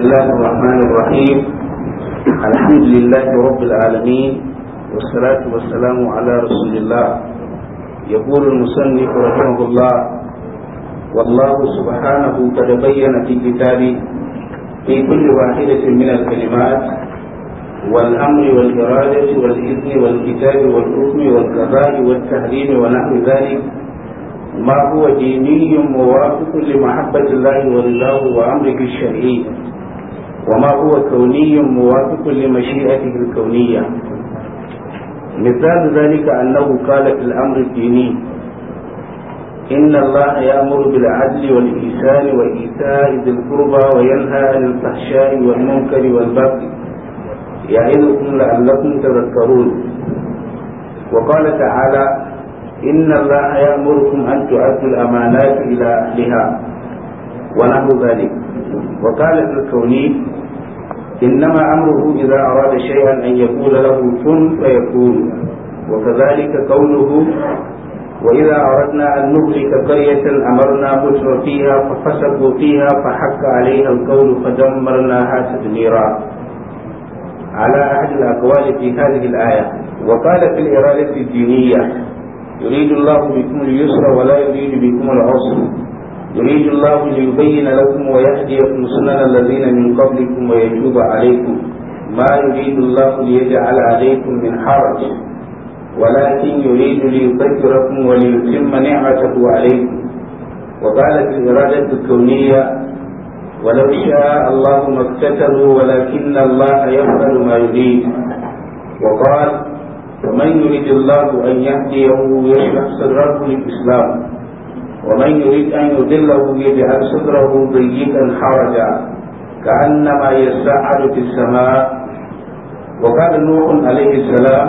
بسم الله الرحمن الرحيم الحمد لله رب العالمين والصلاة والسلام على رسول الله يقول المصنف رحمه الله والله سبحانه قد بين في كتابه في كل واحدة من الكلمات والأمر والإرادة والإذن والكتاب والحكم والقضاء والتحريم ونحو ذلك ما هو ديني موافق لمحبة الله ورضاه وأمره الشرعي وما هو كوني موافق لمشيئته الكونية مثال ذلك أنه قال في الأمر الديني إن الله يأمر بالعدل والإحسان وإيتاء ذي القربى وينهى عن الفحشاء والمنكر والبغي يعظكم لعلكم تذكرون وقال تعالى إن الله يأمركم أن تؤدوا الأمانات إلى أهلها ونحو ذلك وقال ابن الكوني إنما أمره إذا أراد شيئا أن يقول له كن فيكون وكذلك قوله وإذا أردنا أن نهلك قرية أمرنا متر فيها ففسقوا فيها فحق عليها القول فدمرناها تدميرا على أحد الأقوال في هذه الآية وقال في الإرادة الدينية يريد الله بكم اليسر ولا يريد بكم العسر يريد الله ليبين لكم ويهديكم سنن الذين من قبلكم ويتوب عليكم ما يريد الله ليجعل عليكم من حرج ولكن يريد ليطهركم وليتم نعمته عليكم وقال في الإرادة الكونية ولو شاء الله ما اقتتلوا ولكن الله يفعل ما يريد وقال ومن يريد الله أن يهديه يشرح صدره للإسلام ومن يريد أن يضله يجعل صدره ضيقا حرجا كأنما يسعد في السماء وقال نوح عليه السلام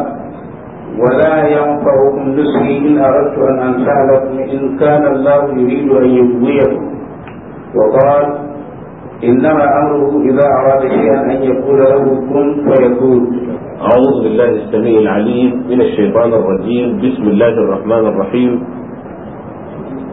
ولا ينفعكم نصحي إن أردت أن أنفع لكم إن كان الله يريد أن يغويكم وقال إنما أمره إذا أراد شيئا أن يقول له كن فيكون أعوذ بالله السميع العليم من الشيطان الرجيم بسم الله الرحمن الرحيم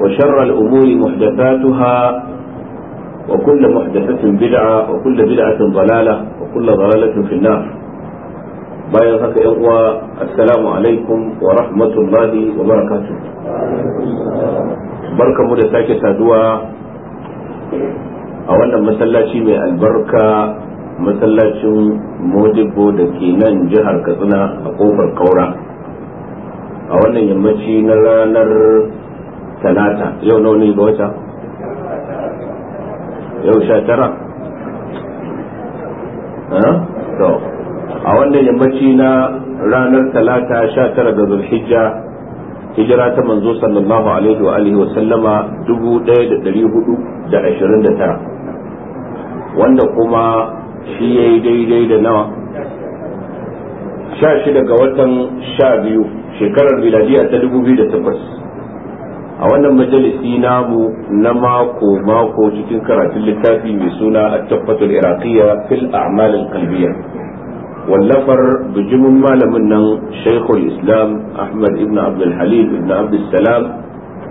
وشر الأمور محدثاتها وكل محدثة بدعة وكل بدعة ضلالة وكل ضلالة في النار bayan haka yan uwa assalamu alaikum wa rahmatullahi wa barakatuh barkamu da sake saduwa a wannan masallaci mai albarka masallacin modibo da ke nan jihar katsina a kofar kaura a wannan yammaci na ranar talata yau nawa ne ga wata yau sha tara a wannan yammaci na ranar talata sha tara ga zulhijja hijira ta manzo sallallahu alaihi wa alihi wa sallama tara wanda kuma shi ya yi daidai da nawa sha shida ga watan sha biyu shekarar miladiya ta dubu biyu da takwas a wannan majalisi namu na mako mako cikin karatun littafi mai suna at-tabbatul iraqiyya fil a'mal al-qalbiyya wallafar bijimin malamin nan shaykhul islam ahmad ibn abd al-halim ibn abd salam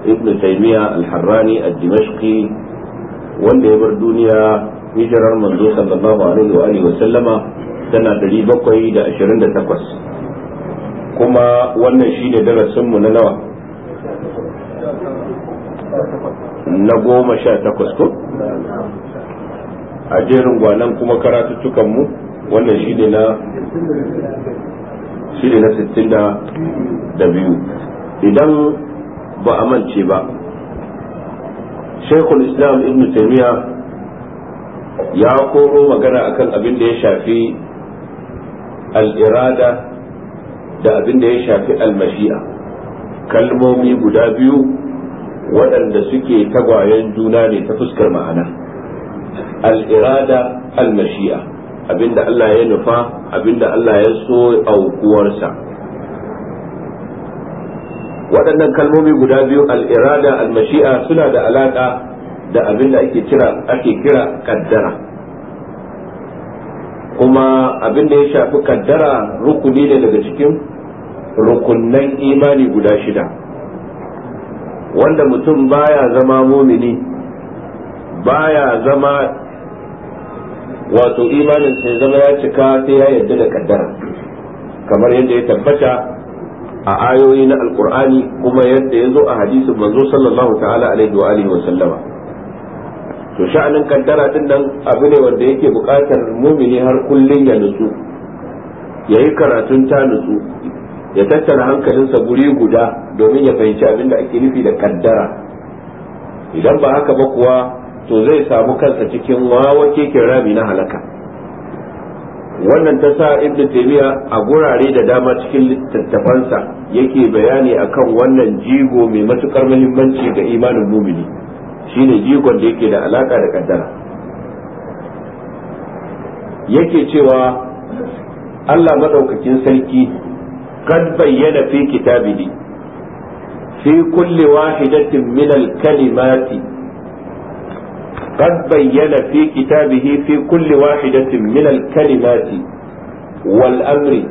ibn taymiya al-harrani ad-dimashqi wanda ya bar duniya hijirar manzo sallallahu alaihi wa alihi wa sallama tana 728 kuma wannan shine darasin mu na nawa na goma sha takwas ko a jerin gwanan kuma karatuttukanmu wannan shi ne na shi ne na sittin da biyu idan ba a mance ba shekul islam ibn taimiyya ya koro magana akan abin da ya shafi al'irada da abin da ya shafi al-mashi'a kalmomi guda biyu waɗanda suke tagwayen juna ne ta fuskar ma'ana al'irada al-mashi'a abinda Allah ya nufa abinda Allah ya so aukuwarsa waɗannan kalmomi guda biyu al'irada al-mashi'a suna da alaƙa da abinda ake kira ake kaddara kuma abinda ya shafi kaddara rukuni ne daga cikin rukunnan imani guda shida wanda mutum baya zama mumini baya zama wato imanin sai zama ya cika sai ya yarda da kaddara kamar yadda ya tabbata a ayoyi na alkur'ani kuma yadda ya zo a hadisin manzo sallallahu ta'ala alaihi wa alihi wa sallama to sha'anin kaddara din nan abu ne wanda yake buƙatar mumini har kullun ya nutsu yayi karatun ta nutsu ya tattara hankalinsa guri guda domin ya fahimci abin da ake nufi da kaddara idan ba haka ba kuwa to zai samu kansa cikin wawa keken rami na halaka wannan ta sa ibn taymiya a gurare da dama cikin littattafansa yake bayani akan wannan jigo mai matukar muhimmanci ga imanin mumini shine jigon da yake da alaka da kaddara yake cewa Allah maɗaukakin sarki قد بين في كتابه في كل واحدة من الكلمات قد بين في كتابه في كل واحدة من الكلمات والأمر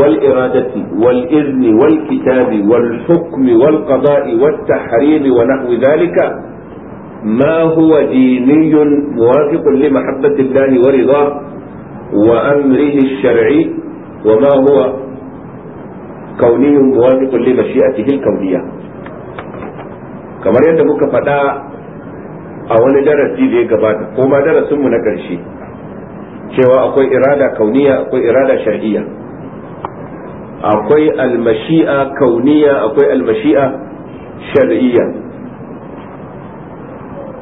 والإرادة والإذن والكتاب والحكم والقضاء والتحريم ونحو ذلك ما هو ديني موافق لمحبة الله ورضاه وأمره الشرعي وما هو kulle muwafiqun shi a cikin kauniya kamar yadda muka faɗa a wani darasi da ya gabata ko ma darasinmu na ƙarshe cewa akwai irada kauniya akwai irada shar'iyya akwai almashi'a kauniya akwai almashi'a shar'iyya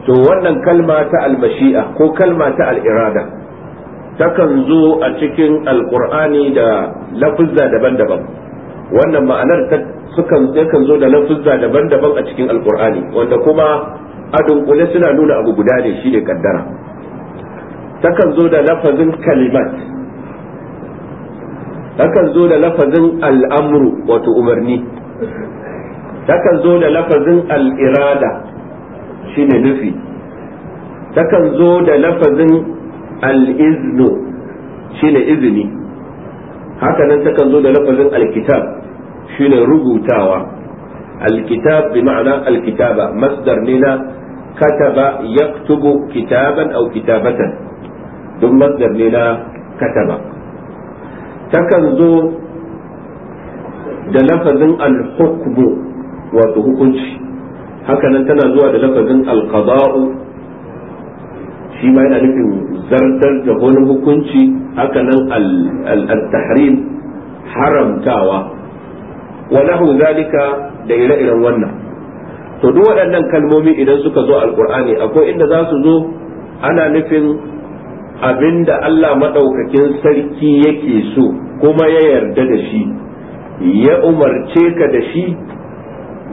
to wannan kalma ta almashi'a ko kalma ta al'irada takan zo a cikin alkur'ani da lafuzza daban-daban wannan ma'anar ta sukan yakan zo da lafuzza daban-daban a cikin alkur'ani wanda kuma a dunkule suna nuna abu guda ne shine kaddara takan zo da lafazin kalimat takan zo da lafazin al'amru wato umarni takan zo da lafazin al'irada shine nufi takan zo da lafazin al'iznu shine izini haka nan takan zo da lafazin alkitab shine rubutawa alkitab bi ma'ana alkitaba masdar ne na kataba yaktubu kitaban aw kitabatan duk masdar ne na kataba takan zo da lafazin alhukmu wato hukunci haka nan tana zuwa da lafazin alqada'u shi ma yana nufin zartar da wani hukunci haka nan al haramtawa wa lahu zalika da ire-iren wannan to duk waɗannan kalmomi idan suka zo alqur'ani akwai inda za su zo ana nufin abinda Allah maɗaukakin sarki yake so kuma ya yarda da shi ya umarce ka da shi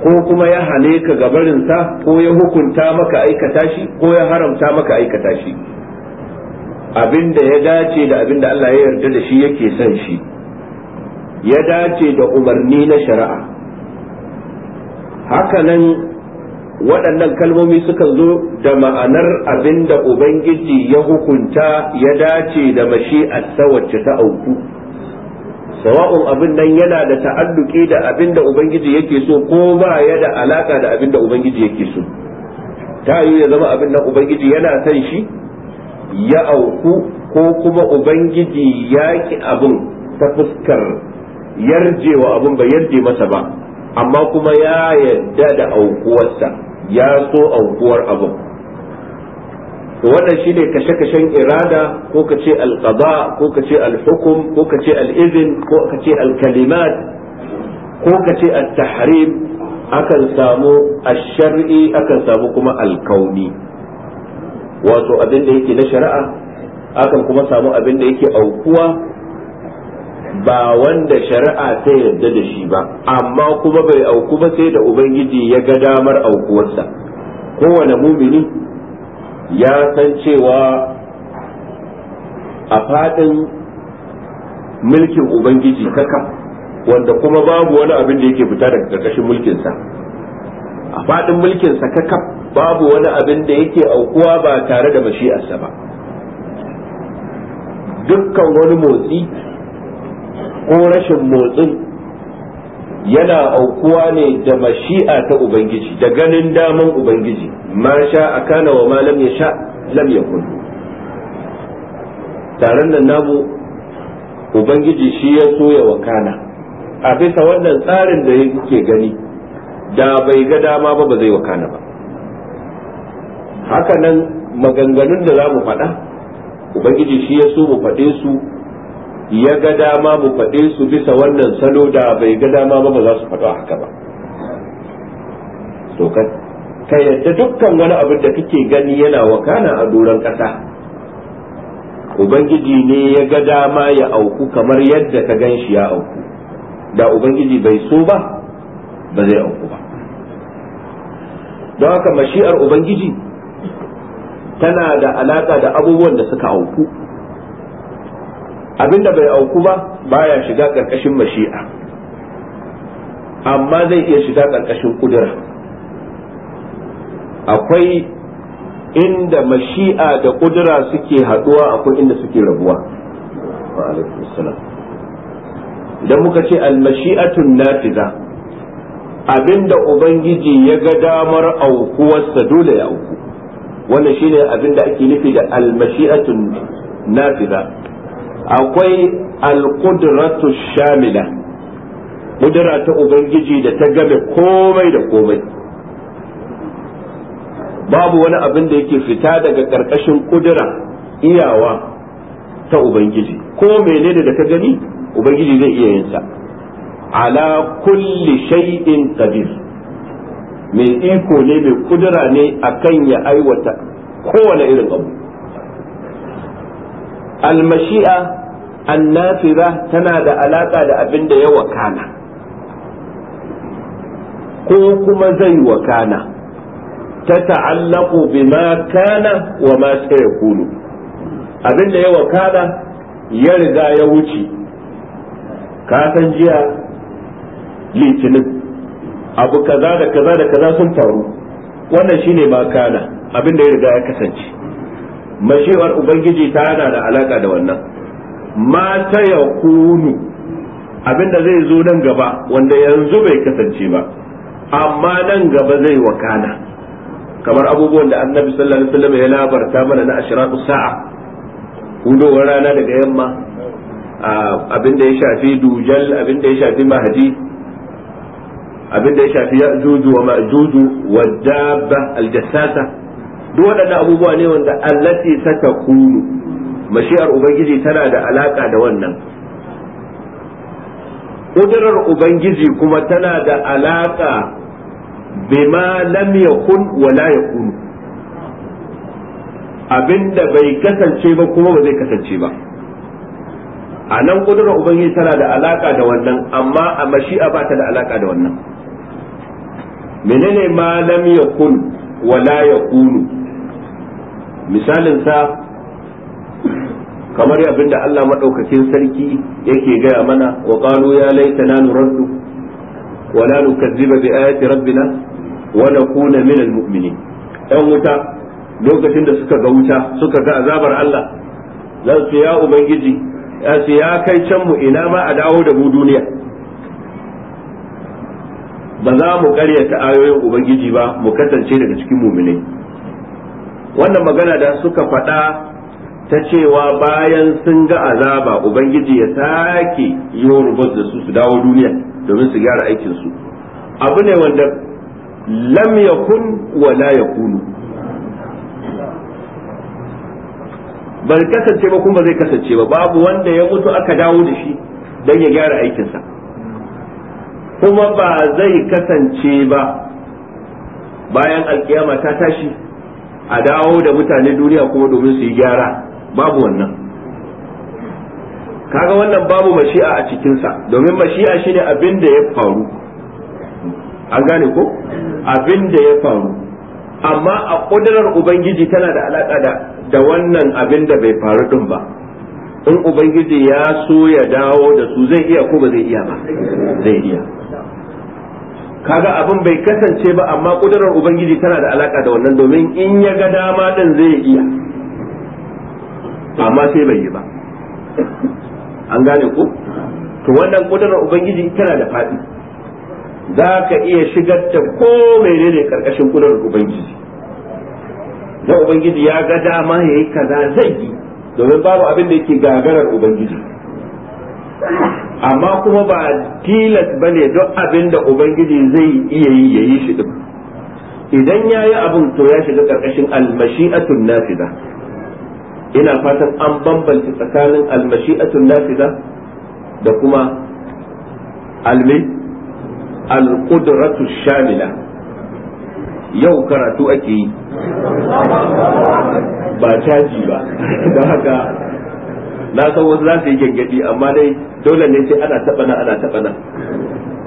ko kuma ya hane ka gabarinsa ko ya hukunta maka aikata shi ko ya haramta maka aikata shi abin da ya dace da abin da Allah ya yarda da shi yake son shi ya dace da umarni na shari'a Haka nan waɗannan kalmomi suka zo da ma'anar abin da Ubangiji ya hukunta ya dace da mashi'arsa wacce ta auku. sawa'un abin nan yana da ta'alluki da abin da Ubangiji yake so ko ba ya da alaka da abin da Ubangiji yake so. Ta yi ya zama abin nan Ubangiji yana son shi ya auku ko kuma ubangiji ya ki abin ta fuskar yarjewa abin ba yarje masa ba amma kuma ya yarda da aukuwarsa ya so aukuwar abin wannan shine kashe-kashen irada ko ka ce alqada ko ka ce alhukum ko ka ce al'izin ko ka ce alkalimat ko ka ce al akan samu al akan samu kuma alkauni wato abin da yake na shari'a akan kuma samu abin da yake aukuwa ba wanda shari'a ta yarda da shi ba amma kuma bai auku ba sai da ubangiji ya ga damar aukuwarsa kowane mumini ya san cewa a fadin mulkin ubangiji kaka wanda kuma babu wani abin da yake fita daga ƙarƙashin mulkinsa a faɗin mulkin sa kaf babu wani abin da yake aukuwa ba tare da mashi'arsa ba dukkan wani motsi ko rashin motsin yana aukuwa ne da mashi'a ta ubangiji da ganin daman ubangiji ma sha a kana wa malam ya sha lam ya taron nan namu ubangiji shi ya so ya wakana a bisa wannan tsarin da yake gani da bai ga dama ba ba zai wakana ba haka nan maganganun da za mu faɗa ubangiji shi ya so mu faɗe su ya ga dama mu faɗe su bisa wannan salo da bai ga dama ba ba za su faɗo haka ba to ka yadda dukkan wani abin da kake gani yana wakana a doron ƙasa ubangiji ne ya ga dama ya auku kamar yadda ka gan shi ya auku da ubangiji bai so ba ba zai auku ba don haka mashi'ar ubangiji tana da alaƙa da abubuwan da suka auku abinda bai auku ba baya shiga ƙarƙashin mashi'a amma zai iya shiga ƙarƙashin kudura akwai inda mashi'a da kudura suke haɗuwa akwai inda suke rabuwa idan muka ce al mashi'atun nafiza abinda ubangiji ya ga damar aukuwarsa dole ya auku wannan shine abinda ake nufi da almashi'atun nafiza akwai alqudratu shamila kudura ta ubangiji da ta game komai da komai babu wani abin da yake fita daga ƙarƙashin kudura iyawa ta ubangiji ko menene da ta gani ubangiji zai iya yin sa ala kulli shay'in qadir mai iko ne mai kudura ne akan ya aiwata kowane irin abu almashi'a annafira tana da alaka da abin da ya wakana ko kuma zai wakana ta ta'allaku bima kana wa ma sayakunu abin da ya wakana ya riga ya wuce ka san jiya litinin abu kaza da kaza da kaza sun taru wannan shine makana abin da ya riga ya kasance mashewar ubangiji ta yana da alaka da wannan mata ta yakunu abin da zai zo nan gaba wanda yanzu bai kasance ba amma nan gaba zai wakana kamar abubuwan da annabi sallallahu alaihi wasallam ya labarta mana na ashraqu sa'a hudowar rana daga yamma abin da ya shafi dujal abin da ya shafi mahadi abin da ya shafi juju wa ma'juju wa dabba aljassasa duk waɗannan abubuwa ne wanda allati satakunu mashi'ar ubangiji tana da alaka da wannan kudurar ubangiji kuma tana da alaka bima lam yakun wa la yakunu abinda bai kasance ba kuma ba zai kasance ba a nan kudurar ubangiji tana da alaka da wannan amma a mashi'a ba ta da alaka da wannan menene ma lam yakun wa la yakunu misalin sa kamar abinda Allah madaukakin sarki yake gaya mana wa qalu ya laitana nuraddu wa la nukazziba bi ayati rabbina wa nakuna min al mu'minin dan wuta lokacin da suka ga wuta suka ga azabar Allah zan su ya ubangiji su ya kai can mu ina ma a dawo da mu duniya ba za mu karyata ayoyin ubangiji ba mu kasance daga cikin muminai wannan magana da suka faɗa ta cewa bayan sun ga azaba ubangiji ya sake yi rubus da su su dawo duniya domin su gyara aikinsu abu ne wanda lam yakun wala yakunu ba kasance ba kuma ba zai kasance ba babu wanda ya mutu aka dawo da shi don ya gyara aikinsa kuma ba zai kasance ba bayan alkiyama ta tashi a dawo da mutane duniya kuma domin su yi gyara babu wannan kaga wannan babu mashi'a a cikinsa domin mashi'a shine abin da ya faru an gane ko abin da ya faru amma a ƙudurar ubangiji tana da alaƙa da da wannan abin da bai faru din ba in ubangiji ya so ya dawo da su zai iya ko ba zai iya ba zai iya kaga abin bai kasance ba amma kudurar ubangiji tana da alaka da wannan domin in ya ga dama din zai iya amma sai bai yi ba an gane ku to wannan kudurar ubangiji tana da faɗi za ka iya shigar ta ko menene karkashin kudurar ubangiji na ubangiji ya ga dama ya yi kaza zai yi domin babu abin da yake gagarar ubangiji amma kuma ba tilas ba ne duk abin da ubangiji zai iya yi ya yi shi idan ya yi abin to ya shiga ƙarƙashin almashi'atun nafida ina fatan an bambanta tsakanin almashi'atun nafida da kuma almi alƙudratu shamila yau karatu ake yi ba caji ba don haka na san wasu za su yi gyangyaɗi amma dai dole ne sai ana taɓa na ana taɓa na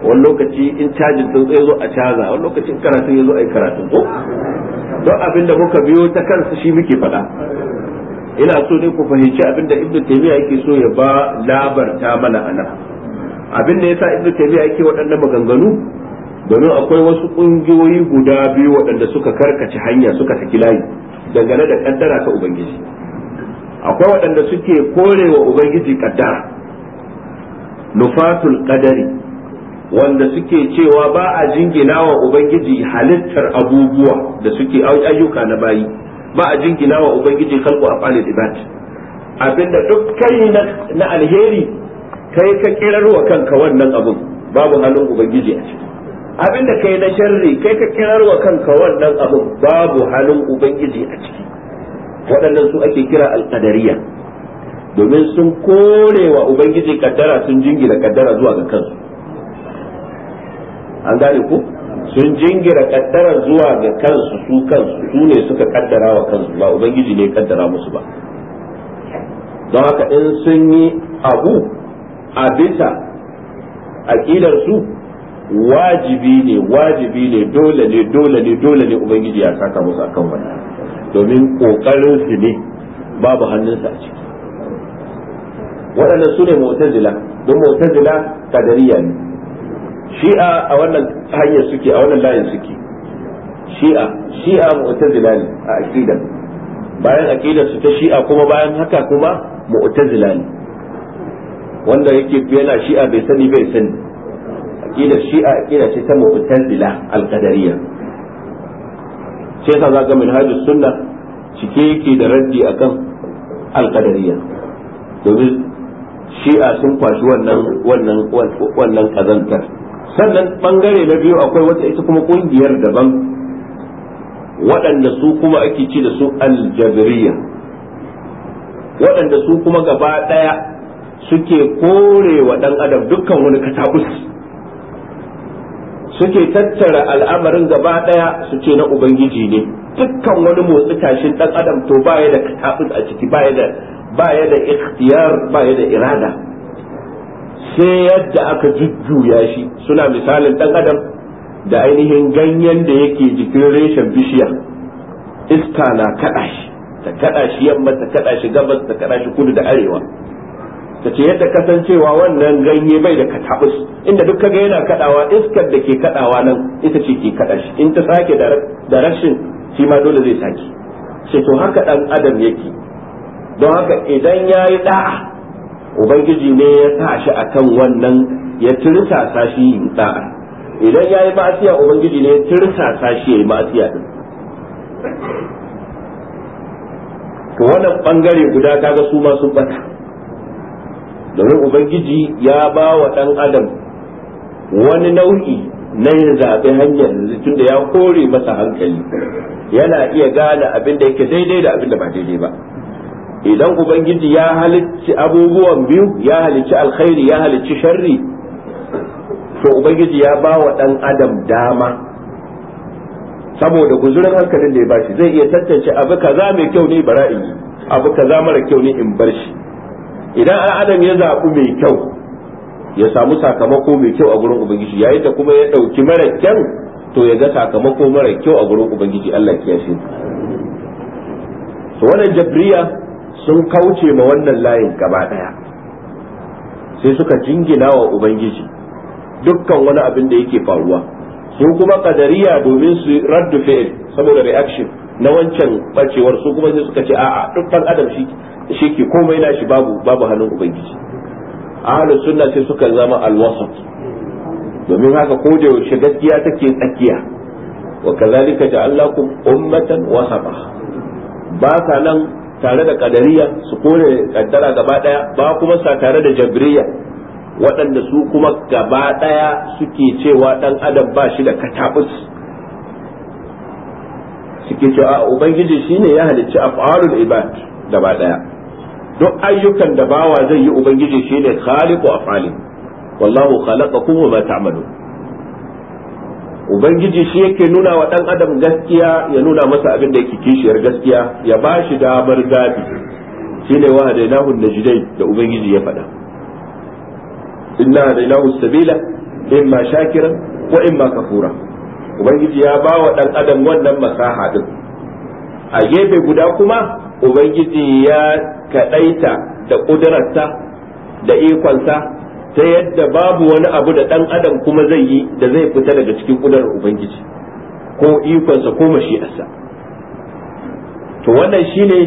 wani lokaci in cajin sun tsaye zo a caza wani lokacin karatun ya zo a yi karatun ko don abin da muka biyo ta kansa shi muke faɗa ina so ne ku fahimci abin da ibnu taymiya yake so ya ba labarta mana ana. abin da yasa ibnu taymiya yake waɗannan maganganu domin akwai wasu ƙungiyoyi guda biyu waɗanda suka karkace hanya suka saki layi dangane da kaddara ta ubangiji akwai waɗanda suke korewa ubangiji kaddara nufatul qadari wanda suke cewa ba a jingina wa ubangiji halittar abubuwa da suke ayyuka na bayi ba a jingina wa ubangiji a fali dibat abinda duk kai na alheri kai ka kirar wa kanka wannan abun babu halin ubangiji a ciki abin da kai na sharri kai ka kirar wa kanka wannan abin babu halin ubangiji a ciki waɗannan su ake kira alƙadariya domin sun kore wa ubangiji kaddara sun jingira kaddara zuwa ga kansu an gane ku? sun jingira kaddara zuwa ga kansu su kansu su ne suka kaddara wa kansu ba ubangiji ne kaddara musu ba don haka in sun yi abu a bisa aƙidar su wajibi ne wajibi ne dole ne dole ne dole ne ubangiji ya saka musu akan wannan domin kokarin su ne babu hannunsa a ciki waɗannan su ne mu'tazila don mu'tazila kadariya ne shi'a a wannan hanyar suke a wannan layin suke shi'a shi'a mu'tazila ne a aqidar bayan aqidar su ta shi'a kuma bayan haka kuma mu'tazila ne wanda yake yana shi'a bai sani bai sani aqidar shi'a aqida ce ta mu'tazila al-qadariyya sai yasa za ga minhajus sunna cike yake da raddi akan al-qadariyya domin shi'a sun kwashi wannan wannan wannan kazantar sannan bangare na biyu akwai wata ita kuma kungiyar daban waɗanda su kuma ake ci da su aljabiriya waɗanda su kuma gaba ɗaya suke kore wa ɗan adam dukkan wani katakus suke tattara al'amarin gaba daya su ce na ubangiji ne dukkan wani motsi tashin dan adam to baya da kafin a ciki baya da baya da ikhtiyar baya da irada sai yadda aka jujjuya shi suna misalin dan adam da ainihin ganyen da yake jikin reshen bishiya iska na kada shi ta kada shi yamma ta kada shi gabas ta kada shi kudu da arewa ta ce yadda kasancewa wannan ganye bai da katabus inda duk kaga yana kadawa iskar da ke kadawa nan ita ce ke kada shi in ta sake da rashin shi ma dole zai sake sai to haka dan adam yake don haka idan ya yi da'a ubangiji ne ya sa shi akan wannan ya tirsasa shi yin da'a idan ya yi ma'asiya ubangiji ne ya tirsasa shi ya yi ma'asiya din to wannan bangare guda kaga su ma sun bata domin ubangiji ya ba wa ɗan adam wani nau'i na yin zaɓe hanyar tun da ya kore masa hankali yana iya gane abin da yake daidai da abin da ba daidai ba idan ubangiji ya halicci abubuwan biyu ya halicci alkhairi ya halicci sharri to ubangiji ya ba wa ɗan adam dama saboda guzurin hankalin da ya bashi zai iya tantance abu kaza mai kyau ne bara in yi abu kaza mara kyau ne in bar shi idan an adam ya zaɓi mai kyau ya samu sakamako mai kyau a gurin ubangiji yayin da kuma ya ɗauki mara kyau to ya ga sakamako mara kyau a gurin ubangiji Allah ya shi to wannan jabriya sun kauce ma wannan layin gaba ɗaya, sai suka jingina wa ubangiji dukkan wani abin da yake faruwa su kuma kadariya domin su raddu fi'il saboda reaction na wancan bacewar su kuma sai suka ce a'a duk dan adam shi shi ke komai na shi babu babu hannun ubangiji ahlus sunna sai suka zama alwasat domin haka ko da yaushe gaskiya take tsakiya wa kazalika ja'alnakum ummatan wasata ba ka nan tare da kadariya su kore kaddara gaba daya ba kuma sa tare da jabriya waɗanda su kuma gaba daya suke cewa dan adam ba shi da katabus suke cewa a ubangiji shine ya halicci af'alul ibad gaba daya duk ayyukan da bawa zai yi ubangiji shine khaliqu af'ali wallahu khalaqakum wa ma ta'malun ubangiji shi yake nuna wa dan adam gaskiya ya nuna masa abin da yake kishiyar gaskiya ya ba bashi damar gadi shine wa hadainahu najdai da ubangiji ya faɗa inna hadainahu sabila imma shakira wa imma kafura ubangiji ya ba wa dan adam wannan masaha din a gefe guda kuma ubangiji ya kaɗaita da ƙudurarsa da ikonsa ta yadda babu wani abu da dan adam kuma zai yi da zai fita daga cikin ƙudurar ubangiji ko ikonsa ko mashi'arsa to wannan shine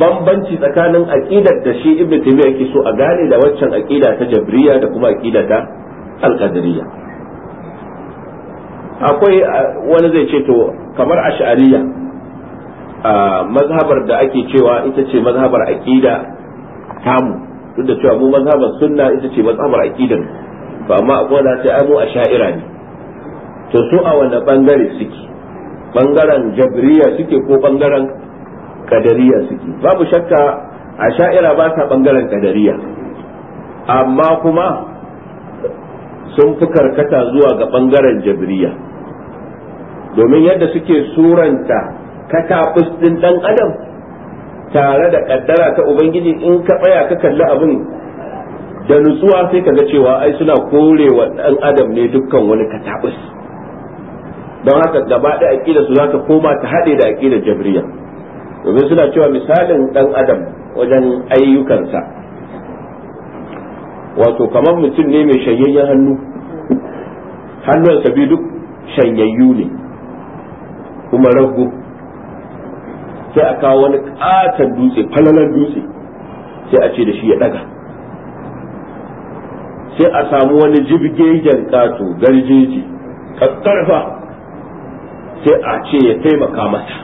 bambanci tsakanin aqidar da shi ibnu taymiya yake so a gane da waccan aqida ta jabriya da kuma aqida ta alqadariyya akwai wani zai ce to kamar ash'ariya mazhabar da ake cewa ita ce mazhabar aqida tamu duk da cewa mu mazhabar sunna ita ce mazhabar aqida ba amma akwai wanda ce ai mu ash'aira ne to su a wani bangare suke bangaren jabriya suke ko bangaren kadariya suke babu shakka ash'aira ba ta bangaren kadariya amma kuma sun fi karkata zuwa ga bangaren jabriya domin yadda suke suranta katabus din dan adam tare da kaddara ta ubangiji in ka tsaya ka kalli abin da nutsuwa sai ka ga cewa ai suna korewa wa dan adam ne dukkan wani katabus don haka gaba da aqida su zaka koma ta hade da aqida jabriya domin suna cewa misalin dan adam wajen ayyukansa wato kamar mutum ne mai shanyayyen hannu hannunsa biyu duk shanyayyu ne kuma rago sai a kawo wani katon dutse falalar dutse sai a ce da shi ya daga sai a samu wani jibgegen kato garjeji kakkarfa sai a ce ya taimaka masa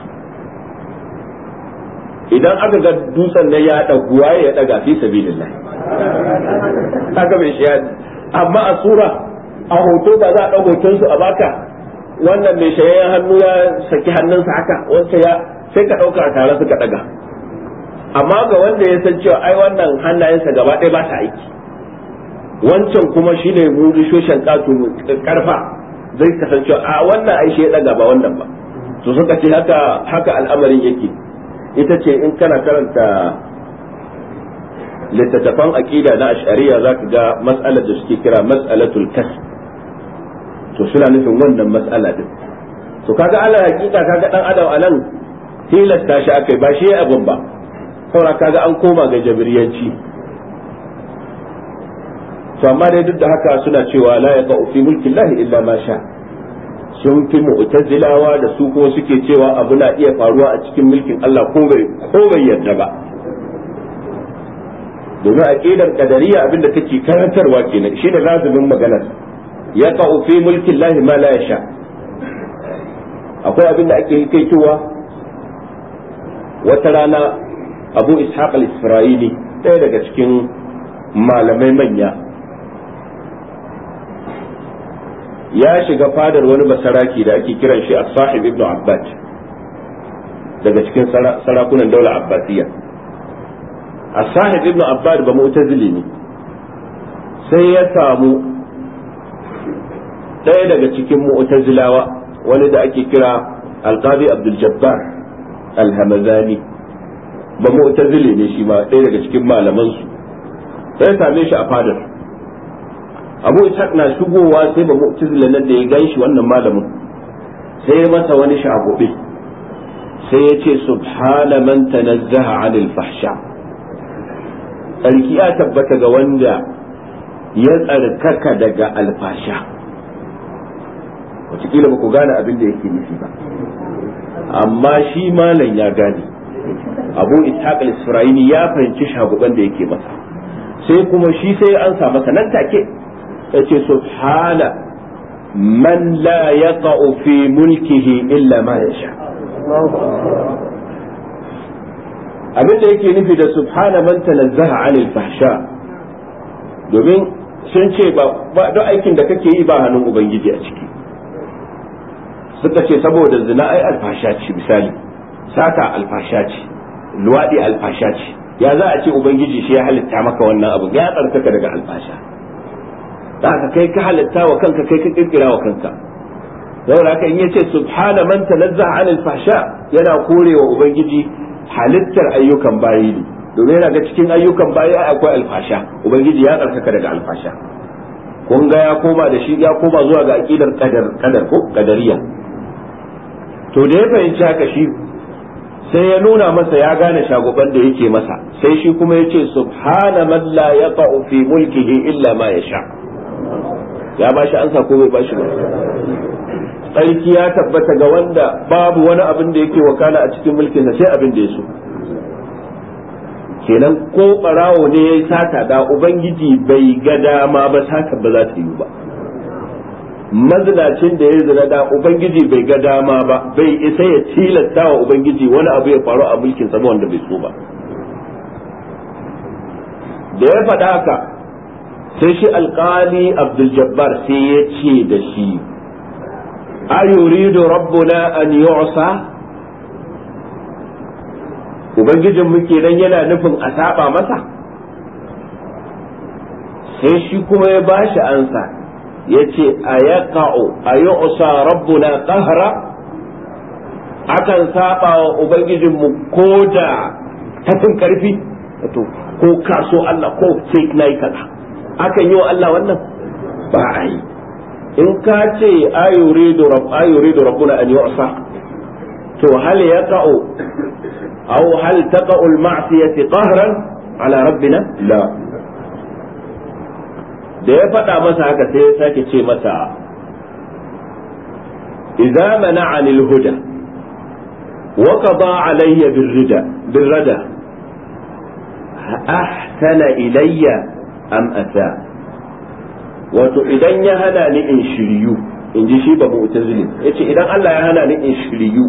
idan aka ga dutsen na ya daguwa ya ɗaga fi sabilillah aka mai shi amma a sura a hoto ba za a ɗan hoton su a baka wannan mai shayayyen hannu ya saki hannunsa haka wanda ya sai ka ɗauka a tare suka ɗaga amma ga wanda ya san cewa ai wannan hannayensa gaba ɗaya ba ta aiki wancan kuma shi ne shoshen ƙato ƙarfa zai kasance a wannan ai ya ɗaga ba wannan ba to suka ce haka haka al'amarin yake ita ce in kana karanta littattafan aƙida na ash'ariya za ka ga matsalar da suke kira mas'alatul kasb to suna nufin wannan matsala din to kaga ala hakika kaga dan adam anan tilasta shi akai ba shi ya abun ba saboda kaga an koma ga jabiriyanci to amma dai duk da haka suna cewa la yaqa fi mulki llahi illa ma sha sun fi mu'tazilawa da su ko suke cewa abu na iya faruwa a cikin mulkin Allah ko bai ko bai yarda ba domin a aqidar qadariyya abinda take karantarwa kenan shine lazumin maganar yaka fi mulkin lahi ma la yasha akwai abin da ake kai cewa wata rana Abu Ishaq al-Isra'ili ɗaya daga cikin malamai manya ya shiga fadar wani basaraki da ake kiran shi as-sahib ibn Abbad daga cikin sarakunan daular Abbasiyya as-sahib ibn Abbad ba mu'tazili ne sai ya samu ɗaya daga cikin mu'tazilawa wani da ake kira alqadi abdul jabbar alhamazani ba mu'tazili ne shi ba ɗaya daga cikin malamansu, su sai same shi a fadar abu ishaq na shigowa sai ba mu'tazila nan da ya gan shi wannan malamin sai masa wani shagobe sai ya ce subhana man tanazzaha anil fahsha tsarki ya tabbata ga wanda ya tsarkaka daga alfasha wataƙila ba ku gane abin da yake nufi ba amma shi malam ya gane abu ishaq al-isra'ili ya fahimci shaguban da yake masa sai kuma shi sai an sa masa nan take yace subhana man la yaqa'u fi mulkihi illa ma yasha abin da yake nufi da subhana man tanazzaha 'anil fahsha domin sun ce ba duk aikin da kake yi ba hannun ubangiji a ciki suka ce saboda zina ai alfasha ce misali saka alfasha ce luwaɗi alfasha ce ya za a ce ubangiji shi ya halitta maka wannan abu ya tsarkaka daga alfasha da haka kai ka halitta wa kanka kai ka kirkira wa kanka saboda haka in ya ce subhana man talazza an alfasha yana korewa ubangiji halittar ayyukan bayi ne domin yana ga cikin ayyukan bayi akwai alfasha ubangiji ya tsarkaka daga alfasha kun ga ya koma da shi ya koma zuwa ga aqidar qadar qadar ko qadariya to da ya fahimci haka shi sai ya nuna masa ya gane shaguban da yake masa sai shi kuma ya ce subhana man la yaqa'u fi mulkihi illa ma ya sha ya bashi ansa ko bai bashi ba tsarki ya tabbata ga wanda babu wani abin da yake wakala a cikin mulkin sa sai abin da ya so kenan ko barawo ne ya sata da ubangiji bai ga dama ba sata ba za ta yi ba mazinacin da ya zina da ubangiji bai ga dama ba bai isa ya tilasta wa ubangiji wani abu ya faru a mulkin sama wanda bai so ba da ya faɗa haka sai shi alkali abdul jabbar sai ya ce da shi a yuridu rabbuna an yu'sa ubangijin muke nan yana nufin a saba masa sai shi kuma ya bashi ansa yace ayaqa'u ayu'sa rabbuna qahra akan saba wa ubangijin mu koda tafin karfi to ko kaso Allah ko sai nayi kaza akan yi wa Allah wannan ba ai in ka ce ayuridu rabb ayuridu rabbuna an yu'sa to hal yaqa'u aw hal taqa'u al-ma'siyati qahran ala rabbina la da ya faɗa masa haka sai ya sake ce masa idza mana'ani al-huda wa qada alayya birrida birrada ahsana ilayya am asa wato idan ya hana ni in shiryu in ji shi babu utazili yace idan Allah ya hana ni in shiryu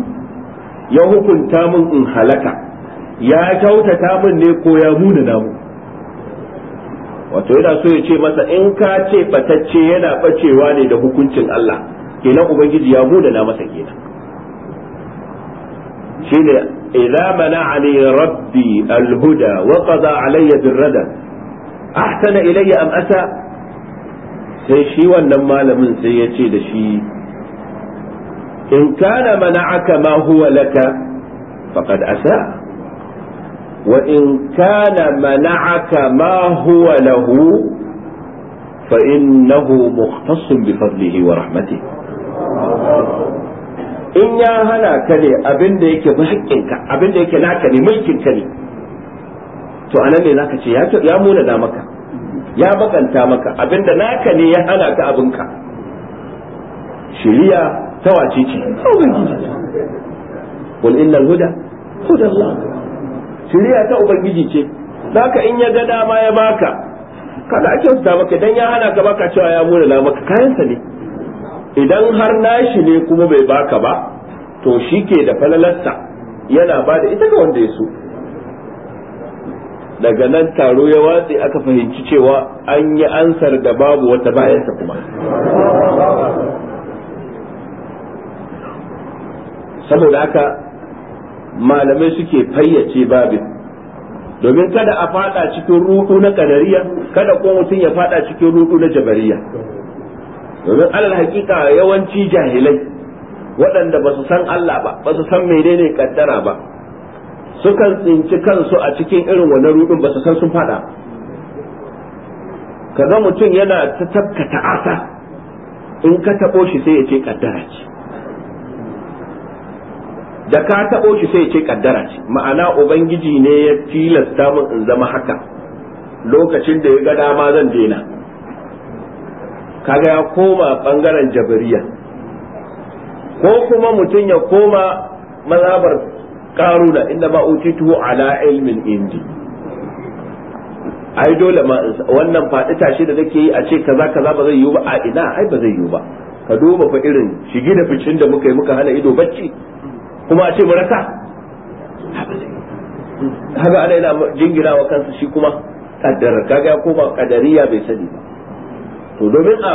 ya hukunta min in halaka ya kyautata min ne ko ya muna namu wato yana so ya ce masa in ka ce fatacce yana bacewa ne da hukuncin Allah kenan ubangiji ya buɗe na masa kenan shine idza mana'ani rabbi alhuda wa qada alayya birrada ahsana ilayya am asa sai shi wannan malamin sai ya ce da shi in kana mana'aka ma huwa laka faqad asa wa in kana mana'aka ma huwa lahu fa innahu mukhtassun bi fadlihi wa rahmatihi in ya hana ka ne abin da yake haƙƙinka abin da yake naka ne mulkinka ne to anan ne zaka ce ya maka ya bakanta maka abin naka ne ya ka ta wace ce shirya ta ubangiji ce zaka in ya ga dama ya baka kada ake su maka dan ya hana ka baka cewa ya mura maka kayansa ne idan har nashi ne kuma bai baka ba to shi ke da falalarsa yana ba da ita ga wanda ya so daga nan taro ya watsi aka fahimci cewa an yi ansar da babu wata bayansa kuma saboda haka malamai suke fayyace babin domin kada a fada cikin ruɗu na kadariya kada ko mutum ya fada cikin ruɗu na jabariya domin alal hakika yawanci jahilai waɗanda ba su san Allah ba ba su san menene kaddara ba sukan tsinci kansu a cikin irin wannan ruɗun ba su san sun fada kaga mutum yana ta tafka ta'asa in ka taɓo shi sai ya ce kaddara ce da ka taɓo shi sai ce kaddara ce ma'ana ubangiji ne ya tilasta min in zama haka lokacin da ya ga dama zan daina kaga ya koma bangaren jabariya ko kuma mutum ya koma mazabar karuna inda ma utituhu ala ilmin indi ai dole ma wannan faɗi tashi da nake yi a ce kaza kaza ba zai yiwu ba a ina ai ba zai yiwu ba ka duba fa irin shigi da ficin da muka yi muka hana ido bacci kuma a ce mu haka ana yana jingina wa kansa shi kuma kaddara kaga ko ba kadariya bai sani ba to domin a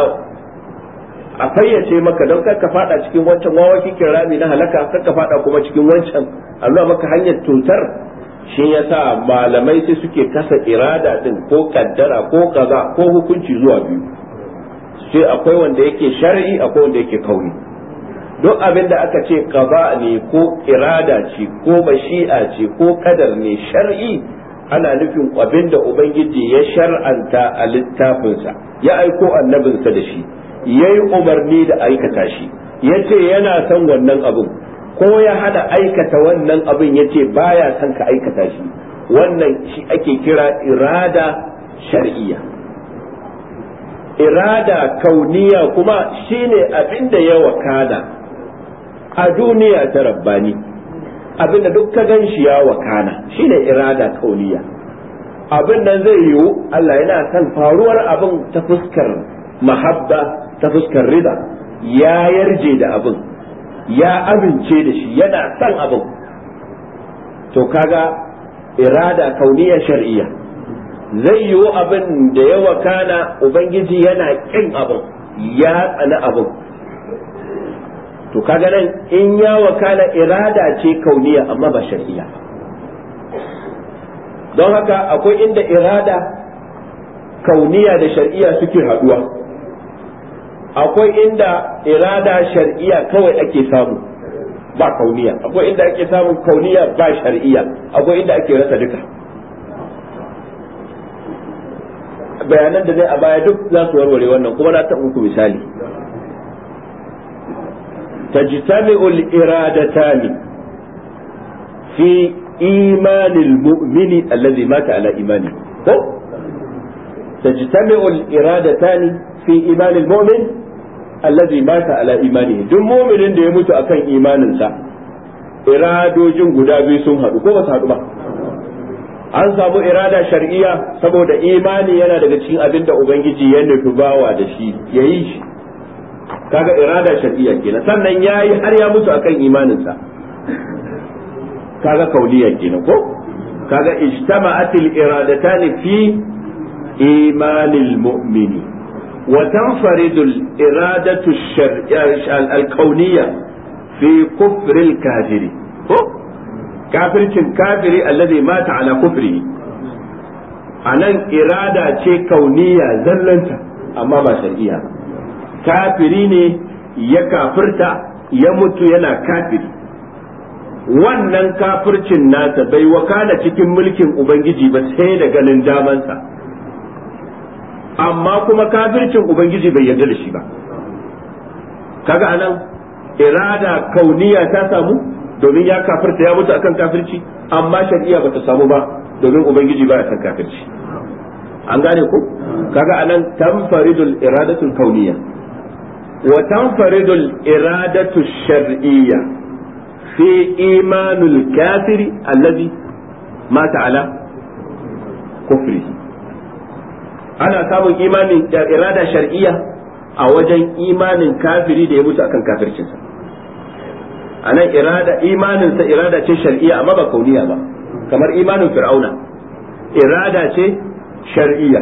a fayyace maka don kar ka fada cikin wancan wawa kikin rami na halaka kar ka fada kuma cikin wancan a maka hanyar tutar shi yasa malamai sai suke kasa irada din ko kaddara ko kaza ko hukunci zuwa biyu sai akwai wanda yake shar'i akwai wanda yake kauri duk abin da aka ce qaba ne ko irada ce ko bashi'a ce ko kadar ne shar'i ana nufin abin da ubangiji ya shar'anta a littafinsa ya aiko annabinsa da shi ya yi umarni da aikata shi ya ce yana son wannan abin ko ya hada aikata wannan abin ya ce baya son ka aikata shi wannan shi ake kira irada shar'iyya irada kauniya kuma shine abin da ya wakana a duniya ta rabbani abinda duk ka gan shi ya wakana shine irada kauliya abin nan zai yiwu Allah yana son faruwar abin ta fuskar mahabba ta fuskar rida ya yarje da abin ya amince da shi yana son abin to kaga irada kauniya shar'iyya zai yiwu abin da ya wakana ubangiji yana kin abin ya tsani abin to kaga nan in ya wakala irada ce kauniya amma ba shar'iyya don haka akwai inda irada kauniya da shar'iyya suke haduwa akwai inda irada shar'iyya kawai ake samu ba kauniya akwai inda ake samun kauniya ba shar'iyya akwai inda ake rasa duka bayanan da zai a baya duk za su warware wannan kuma na ta muku misali تجتمع الإرادتان في إيمان المؤمن الذي مات على إيمانه تجتمع الإرادتان في إيمان المؤمن الذي مات على إيمانه دم مؤمن ده يموت أكن إيمان سا إرادة غدا بي sun haɗu ko an samu irada shar'iyya saboda imani yana daga cikin abin da ubangiji ya nufi bawa da shi yayi shi kaga irada shar'iyya kenan sannan yayi har ya mutu akan imaninsa kaga kauliya kenan ko kaga ijtama'atil iradatan fi imanil mu'mini wa tanfaridu al iradatu al kauniyya fi kufri al kafiri ko kafircin kafiri alladhi mata ala kufri anan irada ce kauniya zallanta amma ba shar'iyya ba kafiri ne ya kafirta ya mutu yana kafiri wannan kafircin nasa bai wakana cikin mulkin ubangiji ba sai da ganin damansa amma kuma kafircin ubangiji bai yarda da shi ba kaga anan irada kauniya ta samu domin ya kafirta ya mutu akan kafirci amma shari'a bata samu ba domin ubangiji ba ya san kafirci an gane ku kaga anan tamfaridul iradatul kauniya Wa iradatu الإرادة الشرعية في إيمان الكافر الذي مات على Ana أنا imanin da eh, irada شرعية a wajen imanin kafiri da ya mutu akan kafircinsa a nan irada sa irada ce shar'iyya amma ba kauniya ba kamar imanin fir'auna irada ce shar'iyya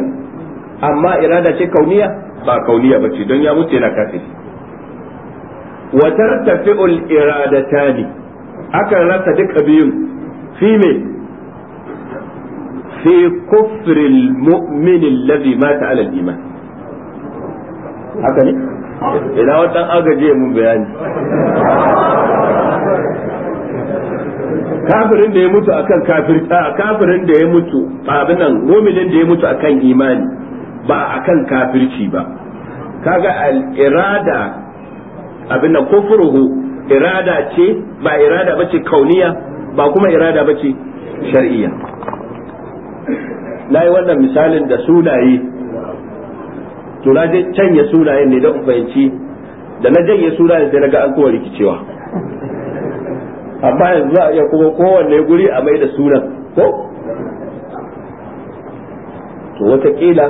amma irada ce kauniya ba kauniya bace don ya mutu yana kafiri wa tartafi'ul iradatani akan rasa duka biyun fi me fi kufril mu'min alladhi mata ala al-iman haka ne idan wata agaje mun bayani kafirin da ya mutu akan kafirta kafirin da ya mutu abin nan mu'minin da ya mutu akan imani ba akan kafirci ba kaga al-irada abin nan kufruhu irada ce ba irada bace kauniya ba kuma irada bace shar'iyya yi wannan misalin da sunaye to na je canya sunayen ne don fahimci da na janye sunayen sai naga an kowa rikicewa amma yanzu za a iya kuma kowanne guri a mai da sunan ko to wataƙila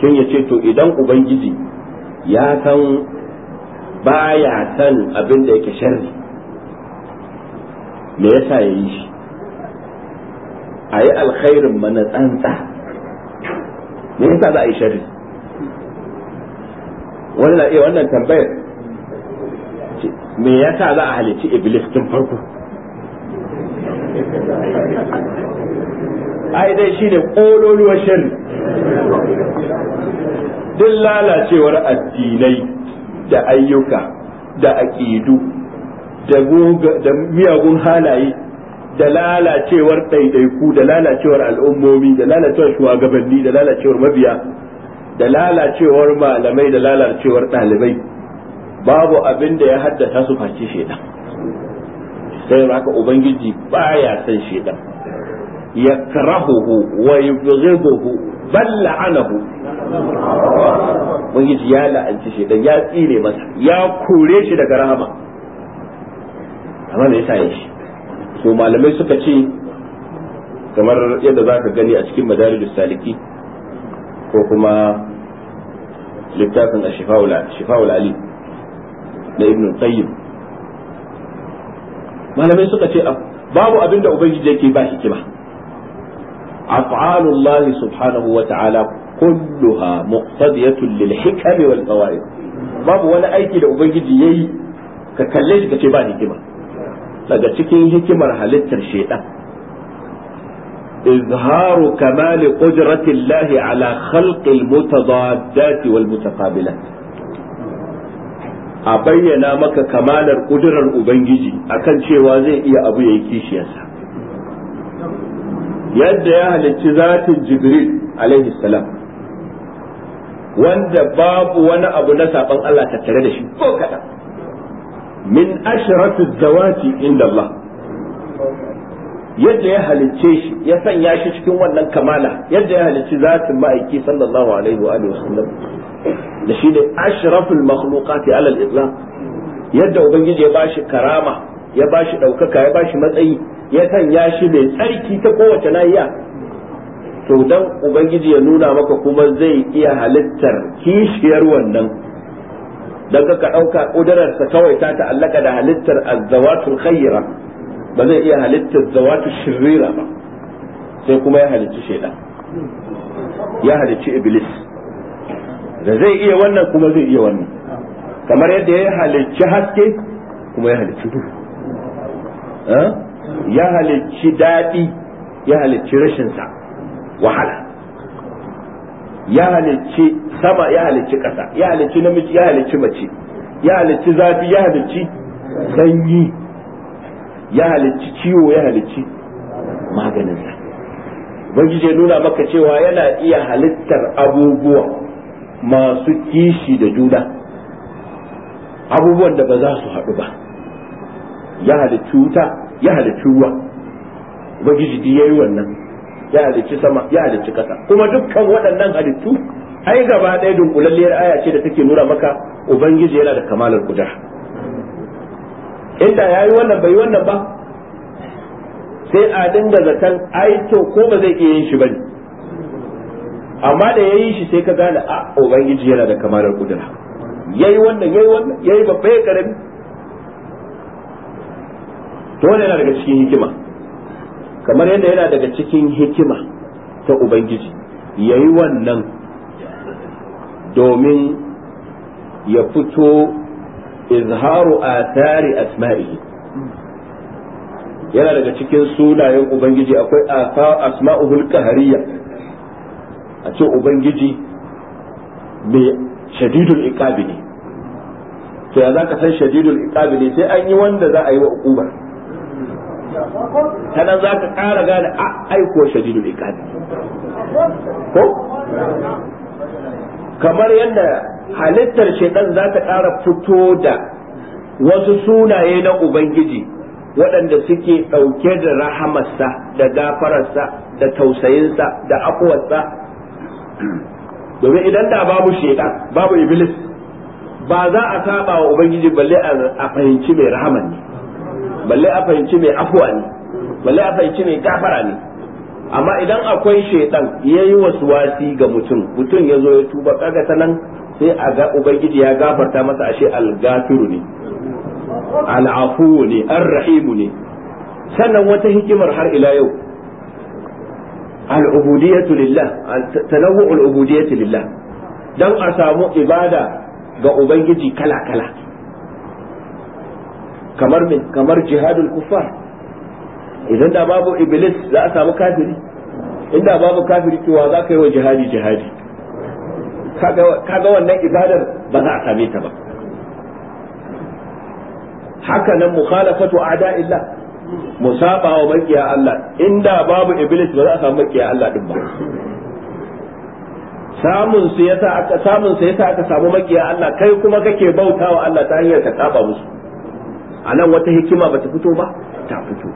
kin ya ce to idan ubangiji ya san baya san abin da yake sharri me yasa ya yi shi a yi alkhairin mana tsantsa me yasa za a yi sharri wannan iya wannan tambayar me yasa za a halici iblis tun farko ai dai shine kololuwar sharri duk lalacewar addinai da ayyuka da aƙidu da miyagun halaye da lalacewar ɗaiɗaiku da lalacewar al'ummomi da lalacewar shugabanni da lalacewar mabiya da lalacewar malamai da lalacewar ɗalibai babu abin da ya haddasa su face shaidan sai haka ubangiji baya son shaidan ya karahuhu wa yubghiduhu bal la'anahu ubangiji ya la'anci shedan ya tsire masa ya kore shi daga rahama amma ne sai ya shi so malamai suka ce kamar yadda za ka gani a cikin madarijus saliki ko kuma littafin shifa'ul ali na ibn qayyim malamai suka ce babu abin da ubangiji yake ba hikima af'alullah subhanahu wa ta'ala kulluha muqtadiyatun lil hikami wal fawaid babu wani aiki da ubangiji yayi ka shi ka ce ba hikima daga cikin hikimar halittar shaidan إظهار كمال قدرة الله على خلق المتضادات والمتقابلات a bayyana maka kamalar ƙudurar Ubangiji akan cewa zai iya abu ya yi kishiyarsa yadda ya halicci zatin jibril alaihi salam wanda babu wani abu na saban Allah tattare da shi ko kada min ashratu zawati inda Allah yadda ya halicce shi ya sanya shi cikin wannan kamala yadda ya halicci zatin ma'aiki sallallahu alaihi wa alihi wasallam da shi ne ashraful makhluqati al itlaq yadda ubangiji ya bashi karama ya bashi daukaka ya bashi matsayi ya sanya shi mai tsarki ta kowace layiya? to dan ubangiji ya nuna maka kuma zai iya halittar kishiyar wannan dan ka ɗauka ƙudurarsa kawai ta ta'allaka da halittar azzawatul khayyira ba zai iya halittar zawatul shirira ba sai kuma ya halicci shaidan ya halicci iblis da zai iya wannan kuma zai iya wannan kamar yadda ya halicci haske kuma ya halicci duhu ya halicci daɗi ya halicci rashinsa wahala ya halicci sama ya halicci ƙasa ya halicci namiji ya halicci mace ya halicci zafi ya halicci sanyi ya halicci ciwo ya halicci maganinsa ubangiji ya nuna maka cewa yana iya halittar abubuwa masu kishi da juna abubuwan da ba za su haɗu ba ya halicci wuta ya halicci ruwa ubangiji ya yayi wannan ya halicci sama ya halicci kasa kuma dukkan waɗannan halittu ai gaba ɗaya dunkulalliyar aya ce da take nuna maka ubangiji yana da kamalar kuda inda yayi wannan bai wannan ba sai a dinga zaton ai to ko ba zai iya yin shi bane amma da yayi shi sai ka gane a ah, ubangiji yana da kamalar kudura yayi wannan yayi wannan yayi babba ya karami to yana daga cikin hikima kamar yadda yana daga cikin hikima ta ubangiji ya yi wannan domin ya fito izharu a athari asma'ihi yana daga cikin sunayen ubangiji akwai asma'uhul kahariya a ce ubangiji mai shadidul iqabi ne to ya za ka san shadidul iqabi ne sai an yi wanda za a yi wa ukubar sanan za ka kara gane a aiko shadidul iqabi ko kamar yadda halittar shaitan za ta ƙara fito da wasu sunaye na ubangiji waɗanda suke ɗauke da rahamarsa da gafararsa da tausayinsa da akuwarsa domin idan da babu shaitan babu iblis ba za a saba wa ubangiji balle a fahimci mai rahamanni. balle a fahimci mai afuwa ne balle a fahimci mai gafara ne amma idan akwai shaidan ya yi wasu wasi ga mutum mutum ya zo ya tuba kaga ta nan sai a ga ubangiji ya gafarta masa ashe algafiru ne al'afu ne arrahimu ne sannan wata hikimar har ila yau al'ubudiyatu lillah tanawwu al'ubudiyatu lillah dan a samu ibada ga ubangiji kala kala kamar min kamar jihadul kuffar idan da babu iblis za a samu kafiri inda babu kafiri cewa za ka yi wa jihadi jihadi kaga wannan ibadar ba za a same ta ba haka nan mukhalafatu a'da'illah musaba wa makiya Allah inda babu iblis ba za a samu makiya Allah din ba samun su yasa aka samun sa yasa aka samu makiya Allah kai kuma kake bautawa Allah ta hanyar ka saba musu a nan wata hikima bata fito ba ta fito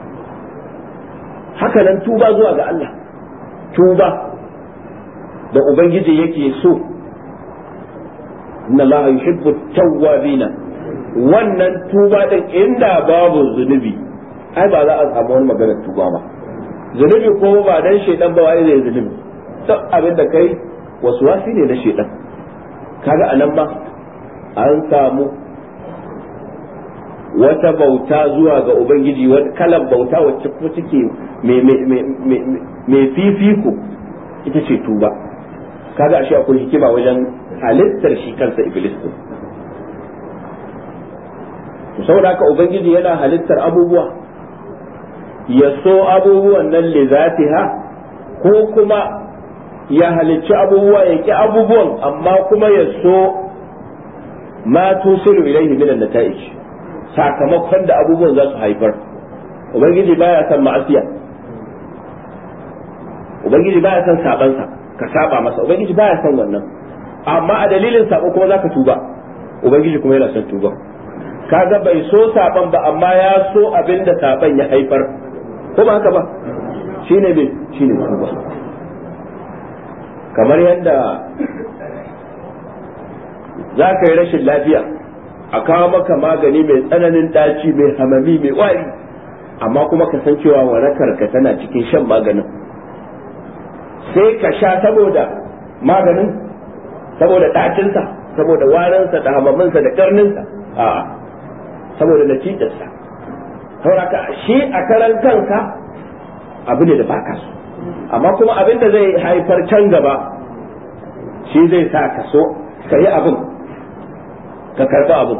haka nan tuba zuwa ga Allah tuba da ubangiji yake so inna la yuhibbu tawwabina wannan tuba din inda babu zunubi ai ba za a samu wani maganar tuba ba zunubi ko ba dan shedan ba wai zai zunubi sab abin kai wasu wasi ne na shedan kaga anan ba. an samu wata bauta zuwa ga ubangiji wata kalan bauta wacce kuma take mai fifiko ita ce tuba kaga ashe akwai hikima wajen halittar shi kansa iblis din saboda haka ubangiji yana halittar abubuwa ya so abubuwan nan ha? ko kuma ya halicci abubuwa ya ki abubuwan amma kuma ya so ma tusilu ilaihi minan nata'ij sakamakon da abubuwan za su haifar ubangiji baya san ma'asiya ubangiji baya san sabansa ka saba masa ubangiji baya san wannan amma a dalilin sabo kuma zaka tuba ubangiji kuma yana son tuba kaga bai so saban ba amma ya so abin da saban ya haifar ko ba haka ba shine me shine tuba kamar yadda za ka yi rashin lafiya a kawo maka magani mai tsananin daci mai hamami mai wari amma kuma ka san cewa warakar ka tana cikin shan maganin sai ka sha saboda maganin saboda dacinsa saboda warinsa da hamaminsa da karninsa a saboda natijarsa sauraka shi a karan kanka abu ne da baka so amma kuma abin da zai haifar can gaba shi zai sa ka so ka yi abin ka karɓi abu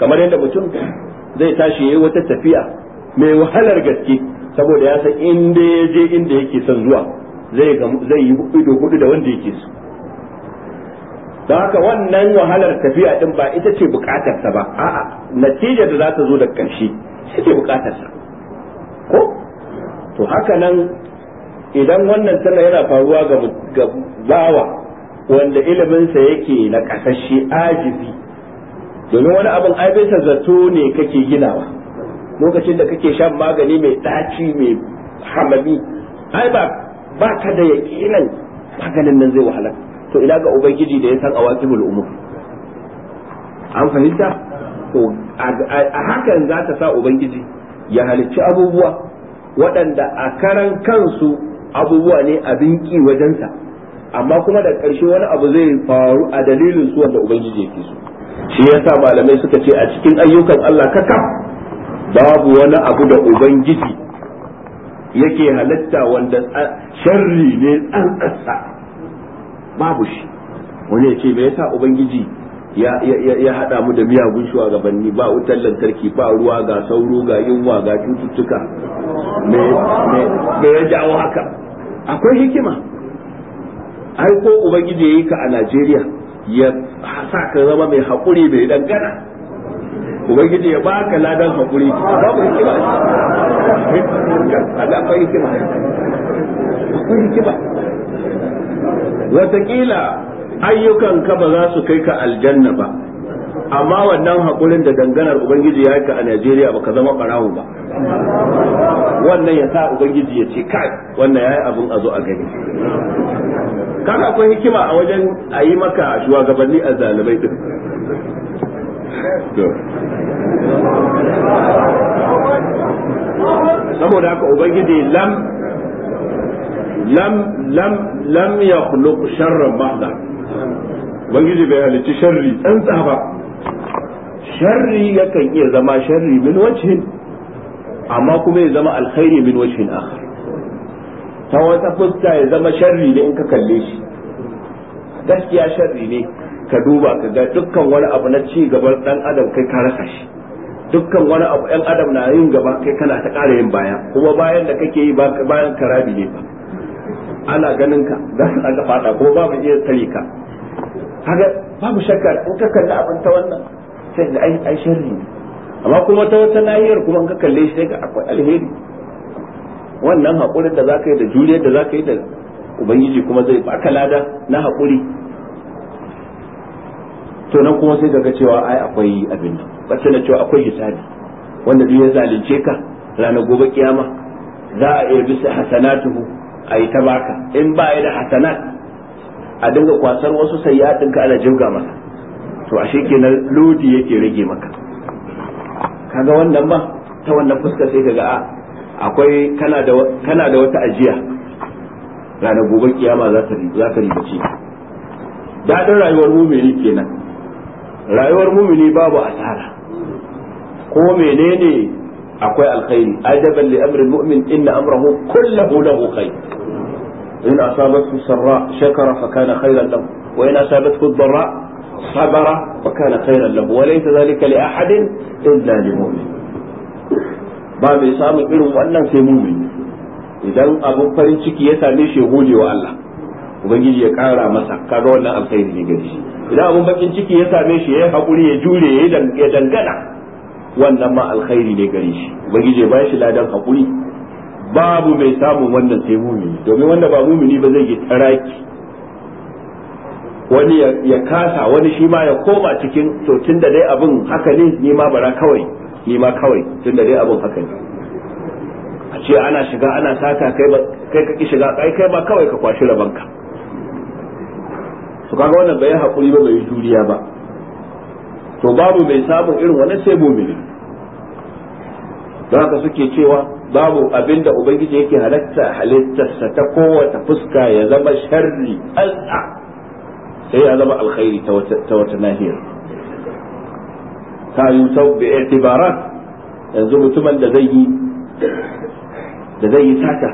kamar yadda mutum zai tashi yayi wata tafiya mai wahalar gaske saboda ya san inda ya je inda yake son zuwa zai zai yi ido hudu da wanda yake so don haka wannan wahalar tafiya din ba ita ce bukatarsa ba a'a natijar da za ta zo da ƙarshe shi ce bukatarsa ko to haka nan idan wannan tana yana faruwa ga bawa wanda iliminsa yake na kasashe ajizi domin wani abin ai zato ne kake ginawa lokacin da kake shan magani mai ɗaci mai hamami ai ba ba ka da yaƙinan maganin nan zai wahala to ila ga ubangiji da ya san awakibul umur an fahimta to a hakan za ta sa ubangiji ya halicci abubuwa waɗanda a karan kansu abubuwa ne abin ki wajensa amma kuma da ƙarshe wani abu zai faru a dalilin su wanda ubangiji yake so shi yasa malamai suka ce a cikin ayyukan Allah kaka babu wani abu da ubangiji yake halatta wanda sharri ne tsantsasa babu shi wani ya ce me yasa ubangiji ya haɗa mu da miyagun shugabanni ba wutar lantarki ba ruwa ga sauro ga yunwa ga cututtuka me ya jawo haka akwai hikima ai ko ubangiji yayi ka a Najeriya ya sa ka zama mai hakuri mai dangana ubangiji ya baka ladan hakuri babu hikima Allah akwai hikima akwai hikima ayyukan ayyukanka ba za su kai ka aljanna ba amma wannan haƙurin da danganar ubangiji ya ka a najeriya baka zama ɓarawo ba wannan ya sa ubangiji ya ce kai wannan ya yi abin a zo a gani kaga akwai hikima a wajen a yi maka shugabanni a zalibai din saboda haka ubangiji lam lam lam lam ya khuluq sharran bahda ubangiji bai halicci sharri tsantsa ba sharri yakan iya zama sharri min wajhin amma kuma ya zama alkhairi min wajhin akhar ta wata fuska ya zama sharri ne in ka kalle shi gaskiya sharri ne ka duba ka ga dukkan wani abu na ci gaban dan adam kai ka rasa shi dukkan wani abu yan adam na yin gaba kai kana ta ƙara yin baya kuma bayan da kake yi bayan karabi ne ba ana ganin ka za su ɗaga fada ko babu iya tare ka kaga babu shakka in ka kalli abin ta wannan sai da ai sharri amma kuma ta wata nahiyar kuma in ka kalle shi sai ga akwai alheri wannan haƙurin da zaka yi da juriyar da zaka yi da ubangiji kuma zai baka lada na haƙuri to nan kuma sai ga cewa ai akwai abin nan bace na cewa akwai hisabi wanda duk ya zalunce ka ranar gobe kiyama za a iya bisa hasanatuhu a yi ta baka in ba ya da hasanat a dinga kwasar wasu sayyatin ka ana jirga masa to ashe kenan lodi yake rage maka kaga wannan ba ta wannan fuska sai kaga a ah, akwai kana da wata ajiya ranar gobe kiyama za ta ka ribace daɗin rayuwar mumini kenan rayuwar mumini babu asara ko menene akwai alkhairi ajaban li amrin mu'min inna amrahu kullahu lahu khair in asabathu sarra shakara fa kana khairan lahu wa in asabathu dharra sabara fa kana khairan lahu wa laysa dhalika li ahadin illa lil mu'min ba mai samun irin wannan sai mumin. idan abin farin ciki ya same shi ya gode wa Allah ubangiji ya kara masa kaga wannan alkhairi ne gare shi idan abin bakin ciki ya same shi ya hakuri ya jure ya dangana wannan ma alkhairi ne gare shi ubangiji ya bashi ladan hakuri babu mai samun wannan sai mumini domin wanda ba mumini ba zai yi taraki wani ya kasa wani shi ma ya koma cikin to tunda dai abin haka ne ni ma bara kawai ni ma kawai da dai abun haka ne a ce ana shiga ana sata kai ba kai ka ki shiga kai kai ba kawai ka kwashi ka su kaga wannan bai hakuri ba bai juriya ba to babu mai samun irin wannan sai mumini don haka suke cewa babu abin da ubangiji yake halatta halittarsa ta kowace fuska ya zama sharri al'a sai ya zama alkhairi ta wata nahiyar ta yi sau bi i'tibarat yanzu mutumin da zai yi da zai yi sata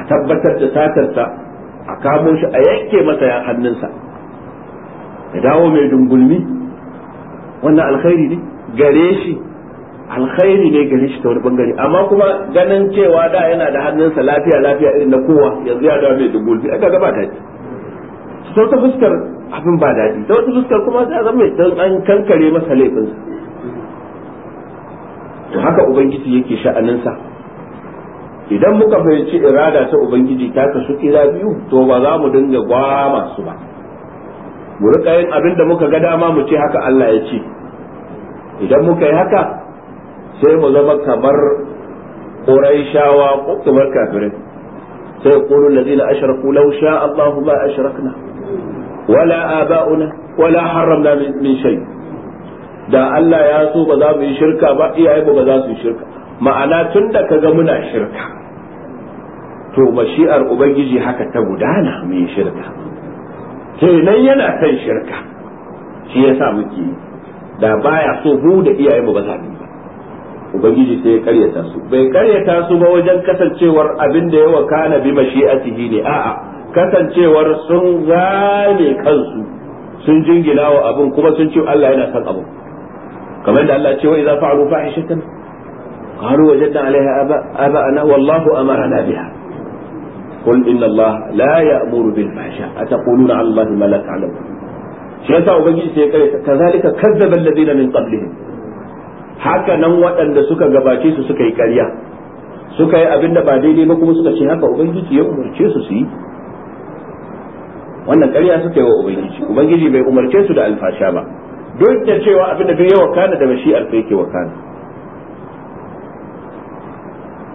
a tabbatar da satarsa a kamo shi a yanke masa ya hannunsa ya dawo mai dungulmi wannan alkhairi ne gare shi alkhairi ne gare shi ta wani bangare amma kuma ganin cewa da yana da hannunsa lafiya lafiya irin na kowa yanzu ya dawo mai dungulmi aka gabata ce ta wata fuskar abin ba daɗi ta wata fuskar kuma ta zama don an kankare masa laifinsa to haka ubangiji yake sha'aninsa idan muka fahimci irada ta ubangiji ta kasu kira biyu to ba za mu dinga gwama su ba mu rika yin abin da muka ga dama mu ce haka Allah ya ce idan muka yi haka sai mu zama kamar quraishawa ko kamar kafirin sai qulul ladina Asharaku, law sha Allahu ma Ashirakna. wala aba'una wala haramna min shay da Allah ya so ba za mu yi shirka ba iyaye ba za su yi shirka ma'ana tun da kaga muna shirka to mashi'ar ubangiji haka ta gudana mu yi shirka kenan yana kan shirka shi ya sa muke yi da baya so mu da iyaye ba za mu ba ubangiji sai ya karyata su bai karyata su ba wajen kasancewar abin da ya wakana bi mashi'atihi ne a'a kasancewar sun zame kansu sun jingina wa abin kuma sun ce Allah yana son abu. kamar da Allah ce wa idza fa'alu fahishatan qalu wajadna 'alayha aba'ana wallahu amarna biha qul inna Allah la ya'muru bil fahsha ataquluna 'ala Allah ma la ta'lamun shi yasa ubangiji sai kare kazalika kazzaba alladhina min qablihim haka nan waɗanda suka gabace su suka yi ƙarya suka yi abin ba daidai ba kuma suka ce haka ubangiji ya umarce su wannan ƙarya suka yi wa ubangiji ubangiji bai umarce su da alfasha ba duk da cewa abin da duk yawa kana da mashi alfa yake wa kana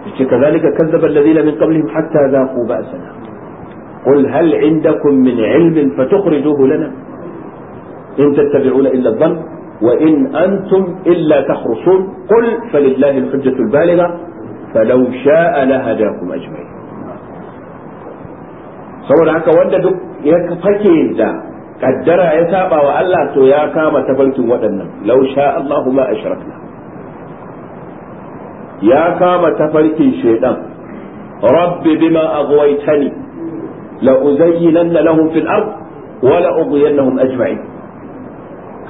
yace kazalika kazzaba alladhina min qablihim hatta zaqu ba'sana qul hal indakum min ilmin fatukhrijuhu lana in tattabi'una illa dhann wa in antum illa takhrusun qul falillahi alhujjatu albaligha falau sha'a lahadakum ajma'in saboda haka wanda duk ya fake da kaddara ya saba wa Allah to ya kama tafarkin waɗannan law sha Allahu ma ashrakna ya kama tafarkin shaidan rabbi bima aghwaytani la uzayyinanna lahum fil ard wa la ughwiyannahum ajma'in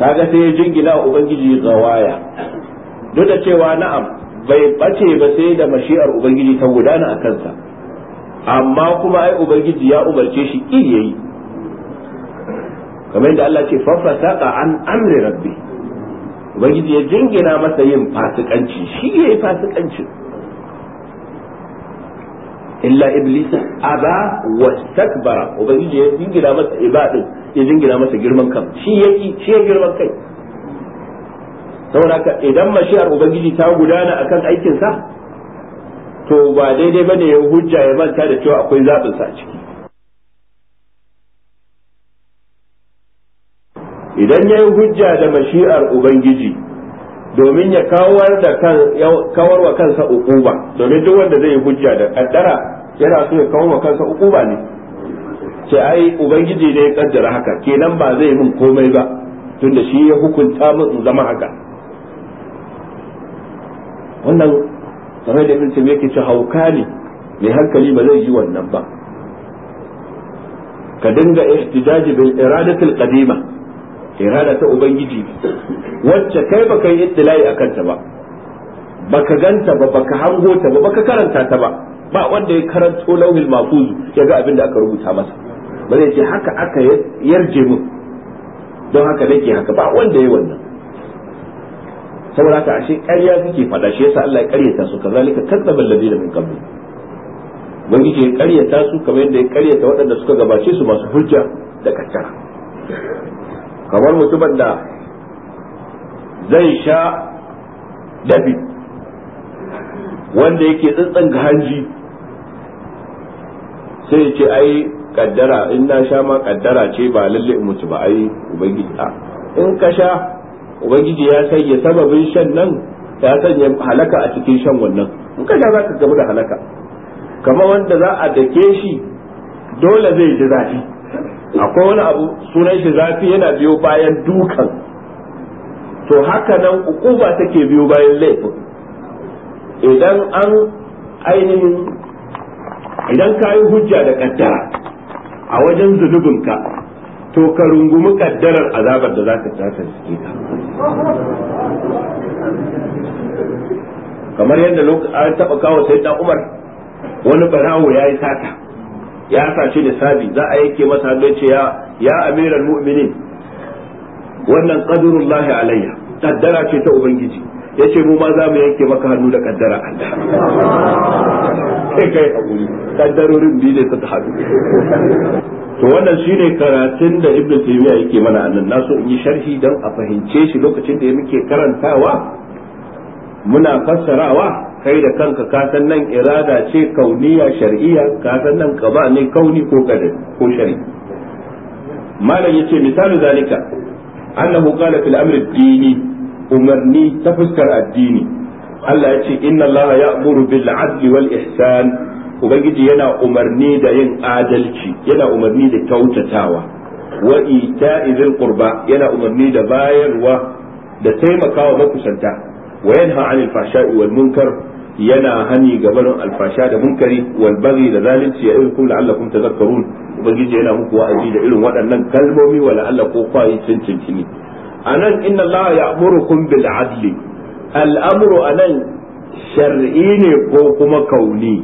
kaga sai ya jingina ubangiji gawaya duk da cewa na'am bai bace ba sai da mashi'ar ubangiji ta gudana a kansa amma kuma ai ubangiji ya umarce shi ki yayi kamar yadda Allah ce fa fasaqa an amri rabbi ubangiji ya jingina masa yin fasikanci shi yayi fasikancin illa iblisa aba takbara ubangiji ya jingina masa ibadin ya jingina masa girman kan shi ƙi shi girman kai saboda haka idan mashi'ar ubangiji ta gudana akan aikinsa to ba daidai bane ya hujja ya manta da cewa akwai zaɓin sa a ciki idan ya yi hujja da mashi'ar ubangiji domin ya kawar da kan kawar wa kansa ukuba domin duk wanda zai yi hujja da kaddara yana so ya kawar wa kansa ukuba ne ce ai ubangiji ne ya kaddara haka kenan ba zai min komai ba tunda shi ya hukunta min zama haka wannan kamar da ibn tabiya ke ce hauka ne mai hankali ba zai yi wannan ba ka dinga ihtijaji bil al qadima irada ta ubangiji wacce kai baka yi ittilai akan ta ba baka ganta ba baka hango ta ba baka karanta ta ba ba wanda ya karanto lauhil mafuz ya ga abin da aka rubuta masa ba zai ce haka aka yarje mun don haka nake haka ba wanda ya yi wannan saboda haka ashe ƙarya suke faɗa shi yasa Allah ya ƙaryata su kazalika kadzabal ladina min qabli ubangiji ya ƙaryata su kamar yadda ya ƙaryata waɗanda suka gabace su masu hujja da kakkara kamar mutumin da zai sha dabi wanda yake tsantsan ga hanji sai ce ai kaddara in na sha ma kaddara ce ba lalle in mutu ba ai ubangiji a in ka sha ubangiji ya sanya sababin shan nan ya sanya halaka a cikin shan wannan in ka za ka gamu da halaka kamar wanda za a dake shi dole zai ji zafi akwai wani abu sunan shi zafi yana biyo bayan dukan to haka nan ukuba take biyo bayan laifin idan an ainihin idan ka yi hujja da kaddara a wajen zunubinka to ka rungumi kaddarar azabar da za ka ta suke ka kamar yadda an taɓa kawo sai da umar wani barawo ya yi sata ya sace da sabi za a yake masa hannu ce ya amiran mu'minin wannan qadrullahi alayya taddara ce ta ubangiji ya ce mu ma za mu yanke maka hannu da kaddara sai kai haƙuri kaddarorin biyu ne ta haɗu to wannan shine karatun da ibnu taymiya yake mana annan so in yi sharhi don a fahimce shi lokacin da ya muke karantawa muna fassarawa kai da kanka ka san nan irada ce kauniya shar'iyya ka san nan qada ne kauni ko qadari ko shar'i malam yace misalu zalika annahu qala fil amri dini umarni ta fuskar addini Allah ya ce inna Allah ya'muru bil adli wal ihsan ubangiji yana umarni da yin adalci yana umarni da kyautatawa wa ita'i dhil qurba yana umarni da bayarwa da taimakawa makusanta wa yanha 'anil fahsha'i wal munkar yana hani gabanin alfasha da munkari wal baghi da zalunci ya irkum la'allakum tadhakkarun ubangiji yana muku wa'azi da irin waɗannan kalmomi wa la'alla ko kwayi cincin anan inna Allah ya'murukum bil adli al'amru anan shar'i ne ko kuma kauni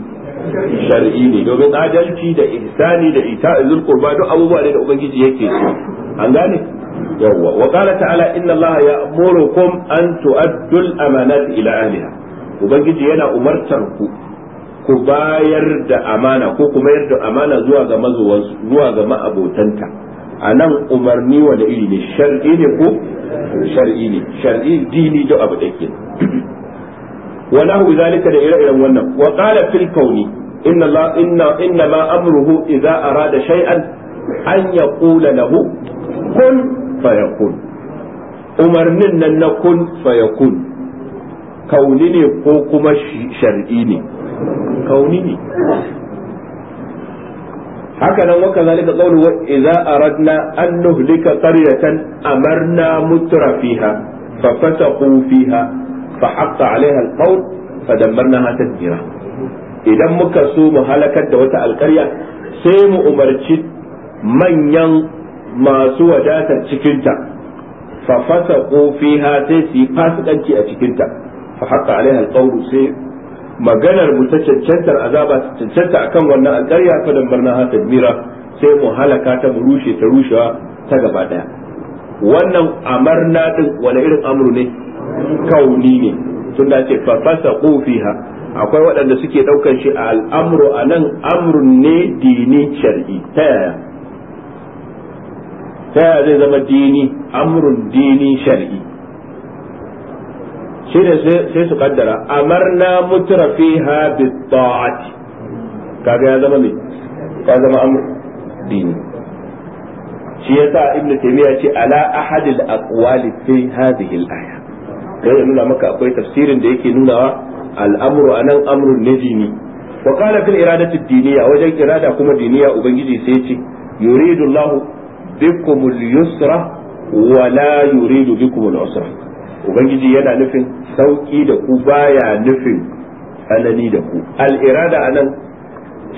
shar'i ne domin adalci da ihsani da ita ita'izul qurba duk abubuwa ne da ubangiji yake so an gane yawwa wa qala ta'ala inna Allah ya'murukum an tu'addu al-amanat ila ahliha ubangiji yana umartar ku ku bayar da amana ko kuma yar da amana zuwa ga mazuwansu zuwa ga ma'abotanta a nan umarni wani iri ne shar'i ne ko shar'i ne shar'i dini duk abu da ke wala hu zalika da ire-iren wannan wa qala fil kauni inna la inna inna ma amruhu idza arada shay'an an yaqula lahu kun fayakun umarnin nan na kun fayakun kauni ne ko kuma shar'i ne kauni ne haka nan wa kazalika qawlu wa idza aradna an nuhlika qaryatan amarna mutra fiha fa fataqu fiha fa haqqa alaiha alqawl fa dammarnaha tadbira idan muka so mu halakar da wata alƙarya sai mu umarci manyan masu wadatar cikinta fa fasaqu fiha sai su yi fasikanci a cikinta fa haqqa alaiha alqawlu sai maganar mu ta cancantar azaba ta cancanta akan wannan alƙarya fa barna ha tadmira sai mu halaka ta mu rushe ta rushewa ta gaba daya wannan amarna din wani irin amru ne kauni ne tun da ce fa fasaqu fiha akwai waɗanda suke ɗaukar shi a al'amru a nan amrun ne dini shar'i ta yaya ta yaya zai zama dini amrun dini shar'i shi ne sai su kaddara amarna mutura fiha bi ta'ati kaga ya zama me Ka zama amur? dini shi yasa ibn taymiya ce ala ahad al aqwali fi hadhihi al aya kai nuna maka akwai tafsirin da yake nunawa al amru anan amrun ne dini wa qala fil iradati diniya wajen irada kuma diniya ubangiji sai ce yuridu allah bikum al yusra wa la yuridu bikum al usra ubangiji yana nufin sauki da ku baya nufin tsanani da ku al'irada a nan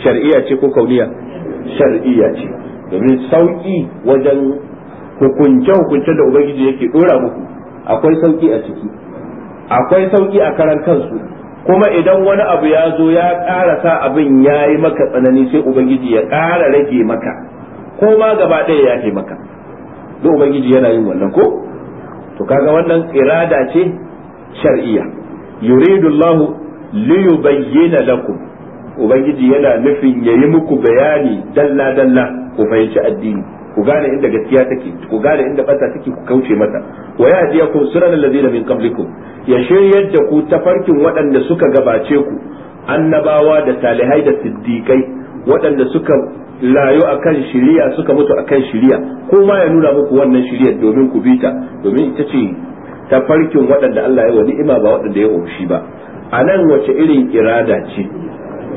shar'iyya ce ko kauniya shar'iyya ce domin sauki wajen hukunce hukunce da ubangiji yake dora muku akwai sauki a ciki akwai sauki a karan kansu kuma idan wani abu ya zo ya ƙara sa abin ya yi maka tsanani sai ubangiji ya ƙara rage maka ko ma gaba ɗaya ya maka don ubangiji yana yin wannan ko to kaga wannan irada ce shar'iyya yuridu Allahu li yubayyana lakum ubangiji yana nufin yayi muku bayani dalla dalla ku fahimci addini ku gane inda gaskiya take ku gane inda fata take ku kauce mata wa ku sunan allazina min qablikum ya shiryar da ku tafarkin waɗanda suka gabace ku annabawa da talihai da siddiqai waɗanda suka layo akan shiriya suka mutu akan shiriya ko ma ya nuna muku wannan shiriyar domin ku bita domin ita ce ta farkin waɗanda Allah ya wa ni'ima ba waɗanda ya umshi ba a nan wace irin irada ce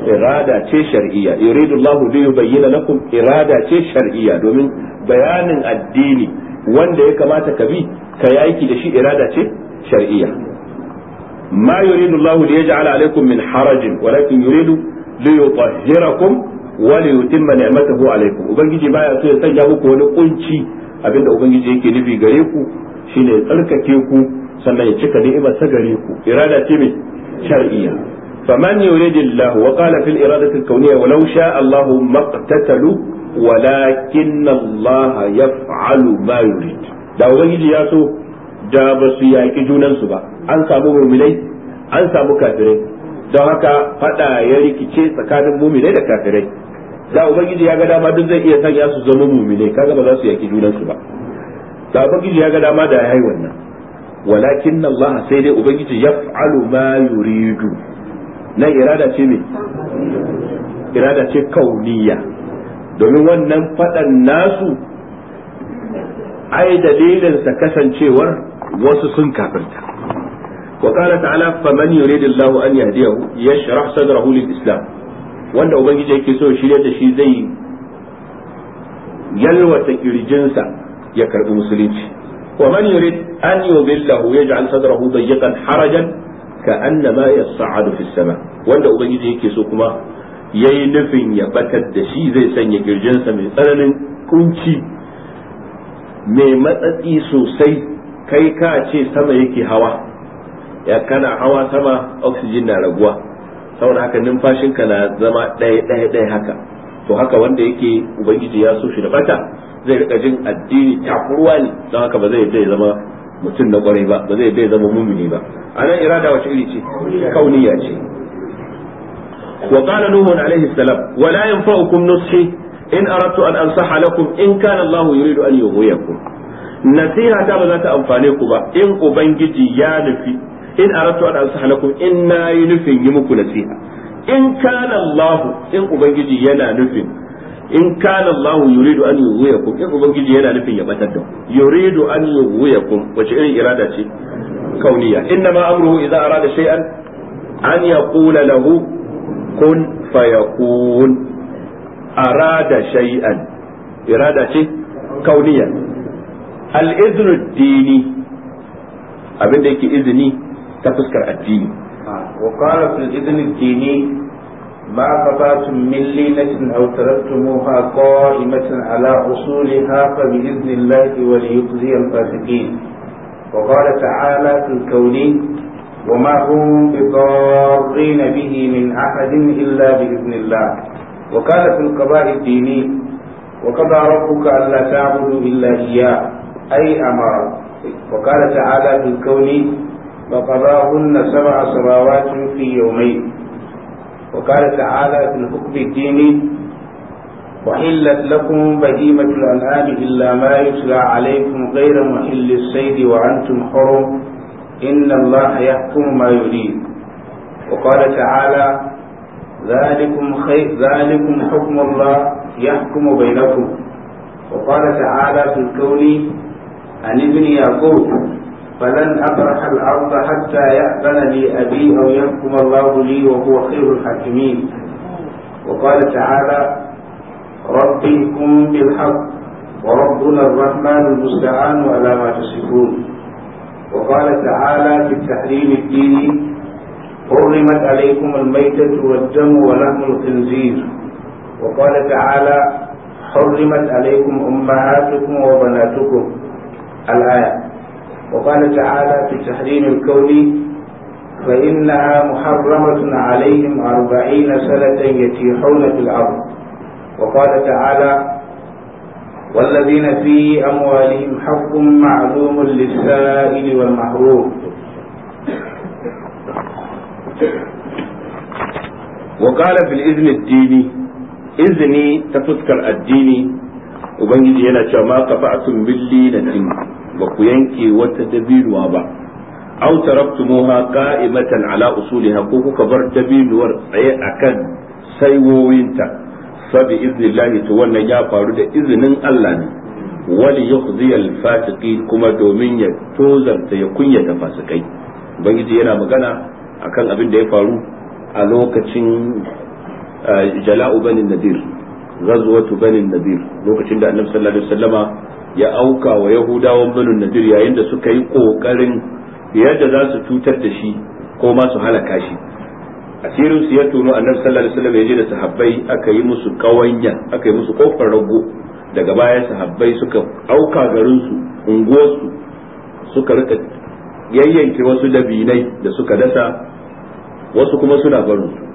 irada ce shar'iyya yuridu Allah bi yubayyana lakum irada ce shar'iyya domin bayanin addini wanda ya kamata ka bi ka yi aiki da shi irada ce shar'iyya ma yuridu Allah li yaj'ala alaykum min harajin walakin yuridu li yutahhirakum wali yutimma ni'matahu alaikum ubangiji baya so ya sanya muku wani kunci abinda ubangiji yake nufi gare ku shine ne tsarkake ku sannan ya cika ni'imar ta gare ku irada ce mai shar'iyya faman yuridillahu wa qala fil irada al-kawniyya walau Allahu maqtatalu walakin Allah fa'alu ma yurid da ubangiji ya so da ba su yaƙi su ba an samu murminai an samu kafirai don haka fada ya rikice tsakanin muminai da kafirai da ubangiji ya ga dama duk zai iya sanya su zama mu'minai kaga ba za su yaki junan su ba da ubangiji ya ga dama da yayi wannan walakin Allah sai dai ubangiji yaf'alu ma yuridu Na irada ce me irada ce kauniya domin wannan fadan nasu ai dalilin sa kasancewar wasu sun kafirta وقال تعالى فمن an الله أن يهديه يشرح صدره islam. wanda ubangiji yake so shirye da shi zai yalwata kirjinsa ya karbi musulunci wa man yurid an yudillahu yaj'al sadrahu dayyqan harajan ka'annama yas'adu fis sama wanda ubangiji yake so kuma yayi nufin ya batar da shi zai sanya kirjinsa mai tsananin kunci mai matsatsi sosai kai ka ce sama yake hawa ya kana hawa sama oxygen na raguwa saboda haka ka na zama ɗaya ɗaya ɗaya haka to haka wanda yake ubangiji ya so shi da bata zai rika jin addini takurwa ne don haka ba zai zama mutum na kwarai ba ba zai ya zama mumini ba anan irada wace iri ce kauniya ce wa qala nuhu alaihi salam wa la yanfa'ukum nushi in aradtu an ansaha lakum in kana Allah yuridu an yughwiyakum nasiha ta ba za ta amfane ku ba in ubangiji ya nufi in aratu an ansahalakum in yi nufin yi muku nasiha in kana Allah in ubangiji yana nufin in kana Allah yuridu an yughwiyakum in ubangiji yana nufin ya batar da ku yuridu an yughwiyakum wace irin irada ce kauniya inna ma amruhu idza arada shay'an an yaqula lahu kun fayakun arada shay'an irada ce kauniya al-idhnu dini abin da yake izini تذكر الدين وقال في الإذن الديني ما قطعت من ليلة أو تركتموها قائمة على أصولها فبإذن الله وليخزي الفاسقين وقال تعالى في الكون وما هم بضارين به من أحد إلا بإذن الله وقال في القضاء الديني وقضى ربك ألا تعبدوا إلا إياه أي أمر وقال تعالى في الكون فقضاهن سبع سماوات في يومين وقال تعالى في الحكم الديني وحلت لكم بهيمة الأنعام إلا ما يتلى عليكم غير محل السيد وأنتم حرم إن الله يحكم ما يريد وقال تعالى ذلكم, خير ذلكم حكم الله يحكم بينكم وقال تعالى في الكون عن ابن يعقوب فلن أبرح الأرض حتى يأذن لي أبي أو يحكم الله لي وهو خير الحاكمين وقال تعالى ربكم بالحق وربنا الرحمن المستعان على ما تصفون وقال تعالى في التحريم الديني حرمت عليكم الميتة والدم ولحم الخنزير وقال تعالى حرمت عليكم أمهاتكم وبناتكم الآية وقال تعالى في تحريم الكون فإنها محرمة عليهم أربعين سنة يتيحون في الأرض وقال تعالى والذين في أموالهم حق معلوم للسائل والمحروم وقال في الإذن الديني إذني تفكر الديني وبنجي هنا ما قطعتم باللينة ba ku yanke wata dabinuwa ba aw taraktumuha qa'imatan ala usuliha ko kuka bar dabinuwar tsaye akan saiwoyinta fa bi iznillahi to wannan ya faru da izinin Allah ne wali yukhzi al kuma domin ya tozarta ya kunya ta fasikai bangiji yana magana akan abin da ya faru a lokacin eh, jala'u banin nadir ghazwatu banin nadir lokacin da annabi sallallahu alaihi wasallama ya auka wa yahudawan banu nadir yayin da suka yi kokarin yadda za su cutar da shi ko ma su halaka shi asirin su ya tono annabi sallallahu alaihi wasallam ya je da sahabbai aka yi musu kawanya aka yi musu kofar rago daga baya sahabbai suka auka garin su su suka rika yayyanke wasu dabinai da suka dasa wasu kuma suna barin su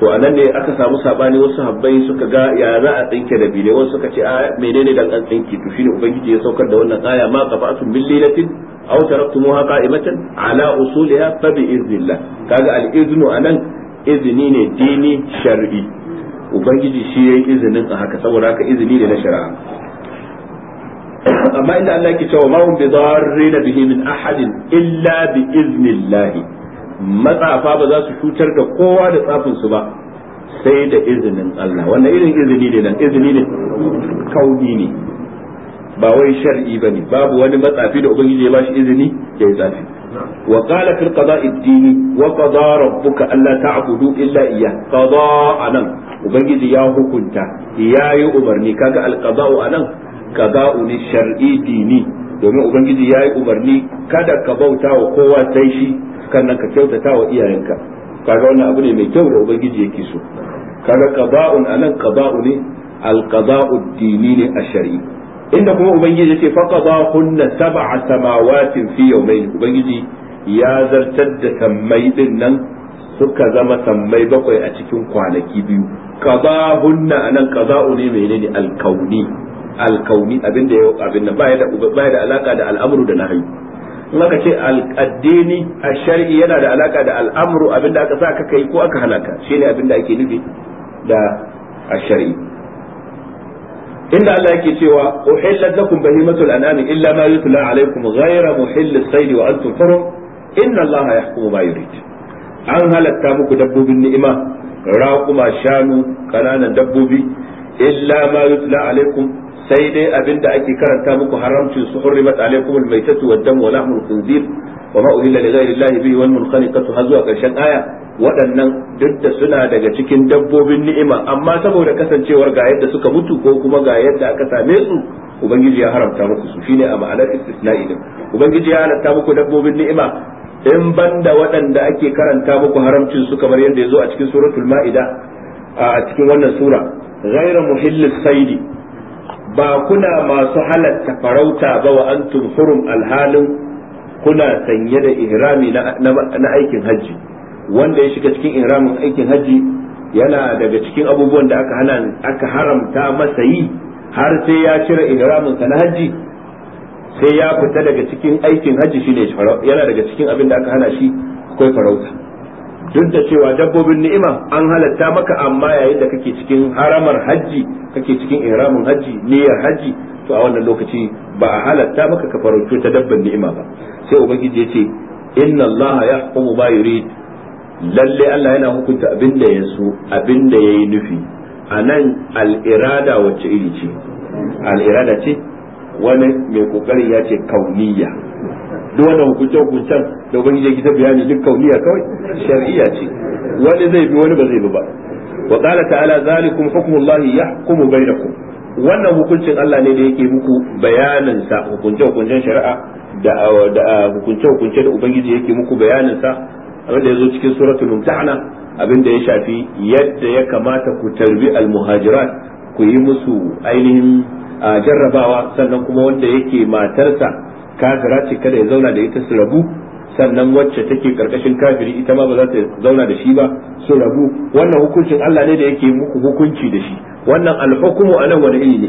to anan ne aka samu sabani wasu habbai suka ga ya za a tsinke da bile wasu suka ce a menene dan an tsinke to shine ubangiji ya saukar da wannan aya ma qafa'atun min lilatin aw taraktumuha qa'imatan ala usuliha fa bi iznillah kaga al iznu anan izini ne dini shar'i ubangiji shi yayi izinin a haka saboda haka izini ne na shari'a amma inda Allah yake cewa ma hum bidarrina bihi min ahadin illa bi iznillahi matsafa ba za su cutar da kowa da tsafin su ba sai da izinin Allah wannan irin izini ne nan izini ne kauni ne ba wai shar'i bane babu wani matsafi da ubangiji ya bashi izini ya yi tsafi wa qala fil qada'i dini wa qada rabbuka alla ta'budu illa iyyah qada'an ubangiji ya hukunta yayi umarni kaga al-qada'u anan qada'u ni, shar'i dini domin ubangiji yayi umarni kada ka bauta wa kowa sai shi sannan ka kyautata wa iyayenka kaga wannan abu ne mai kyau da ubangiji yake so kaga qada'un anan qada'u ne al-qada'u dini ne a shari'i inda kuma ubangiji yake fa qada'unna sab'a samawatin fi yawmayn ubangiji ya zartar da sammai din nan suka zama sammai bakwai a cikin kwanaki biyu qada'unna anan qada'u ne menene al-kauni al-kauni abinda abinda baya da baya da alaka da al'amuru da nahyi in aka ce addini a shari'i yana da alaka da al-amru abinda aka sa ka kai ko aka halaka shine abinda ake nufi da a shari'i inda Allah yake cewa uhillat lakum bahimatul anami illa ma yutla alaykum ghayra as sayd wa antum hurum inna Allah yahkumu ma yurid an halatta muku dabbobin ni'ima raƙuma shanu kananan dabbobi illa ma yutla alaykum sai dai abinda ake karanta muku haramcin su hurrimat alaikum almaytatu wad-dam wa lahmul khinzir wa ma uhilla li ghayri llahi bihi wal munkhaniqatu har karshen aya waɗannan duk da suna daga cikin dabbobin ni'ima amma saboda kasancewar ga yadda suka mutu ko kuma ga yadda aka same su ubangiji ya haramta muku su shine a ma'anar istisna'i din ubangiji ya halatta muku dabbobin ni'ima in banda waɗanda ake karanta muku haramcin su kamar yadda ya zo a cikin suratul ma'ida a cikin wannan sura ghayra muhillis saidi ba kuna masu halatta farauta ba wa antum hurum alhalin kuna sanye da ihrami na aikin hajji wanda ya shiga cikin ihramin aikin hajji yana daga cikin abubuwan da aka hana aka haramta masa yi har sai ya cire ihramin sa na hajji sai ya fita daga cikin aikin hajji shine yana daga cikin abin da aka hana shi akwai farauta duk da cewa dabbobin ni'ima an halatta maka amma yayin da kake cikin haramar hajji kake cikin ihramin hajji niyyar hajji to a wannan lokaci ba a halatta maka ka ta dabban ni'ima ba sai ubangiji ya ce inna allaha yahkumu ma yurid lalle Allah yana hukunta abin da ya yayi nufi anan al-irada wacce iri ce al ce wani mai kokarin ya ce kauniya duk wanda hukunce hukuncen da ubangiji ya bayani duk kauniya kawai shari'a ce wani zai bi wani ba zai bi ba wa qala ta'ala zalikum hukmullahi yahkumu bainakum wannan hukuncin Allah ne da yake muku bayanin sa hukunce hukuncen shari'a da da hukunce hukunce da ubangiji yake muku bayanin sa ya zo cikin suratul abin da ya shafi yadda ya kamata ku tarbi almuhajirat ku yi musu ainihin A jarrabawa sannan kuma wanda yake matarsa kafira ce kada ya zauna da ita su rabu sannan wacce take karkashin kafiri ita ma ba za ta zauna da shi ba su rabu wannan hukuncin Allah ne da yake muku hukunci da shi wannan alhukumu anan wani iri ne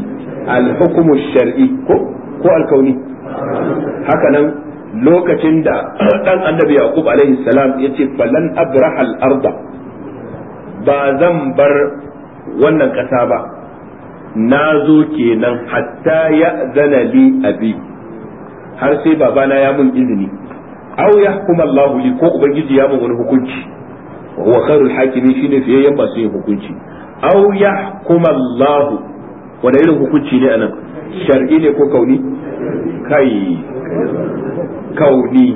alhukumu shar'i ko ko alkauni haka nan lokacin da dan annabi yaqub alaihi salam yace balan abrahal arda ba zan bar wannan kasa ba na zo kenan hatta ya zana li abi har sai babana ya mun izini aw hukuma Allah li ko ubangiji ya mun wani hukunci wa huwa khairul hakimin shine fiyayyen ba yin hukunci aw hukuma Allah wani irin hukunci ne anan shar'i ne ko kauni kai kauni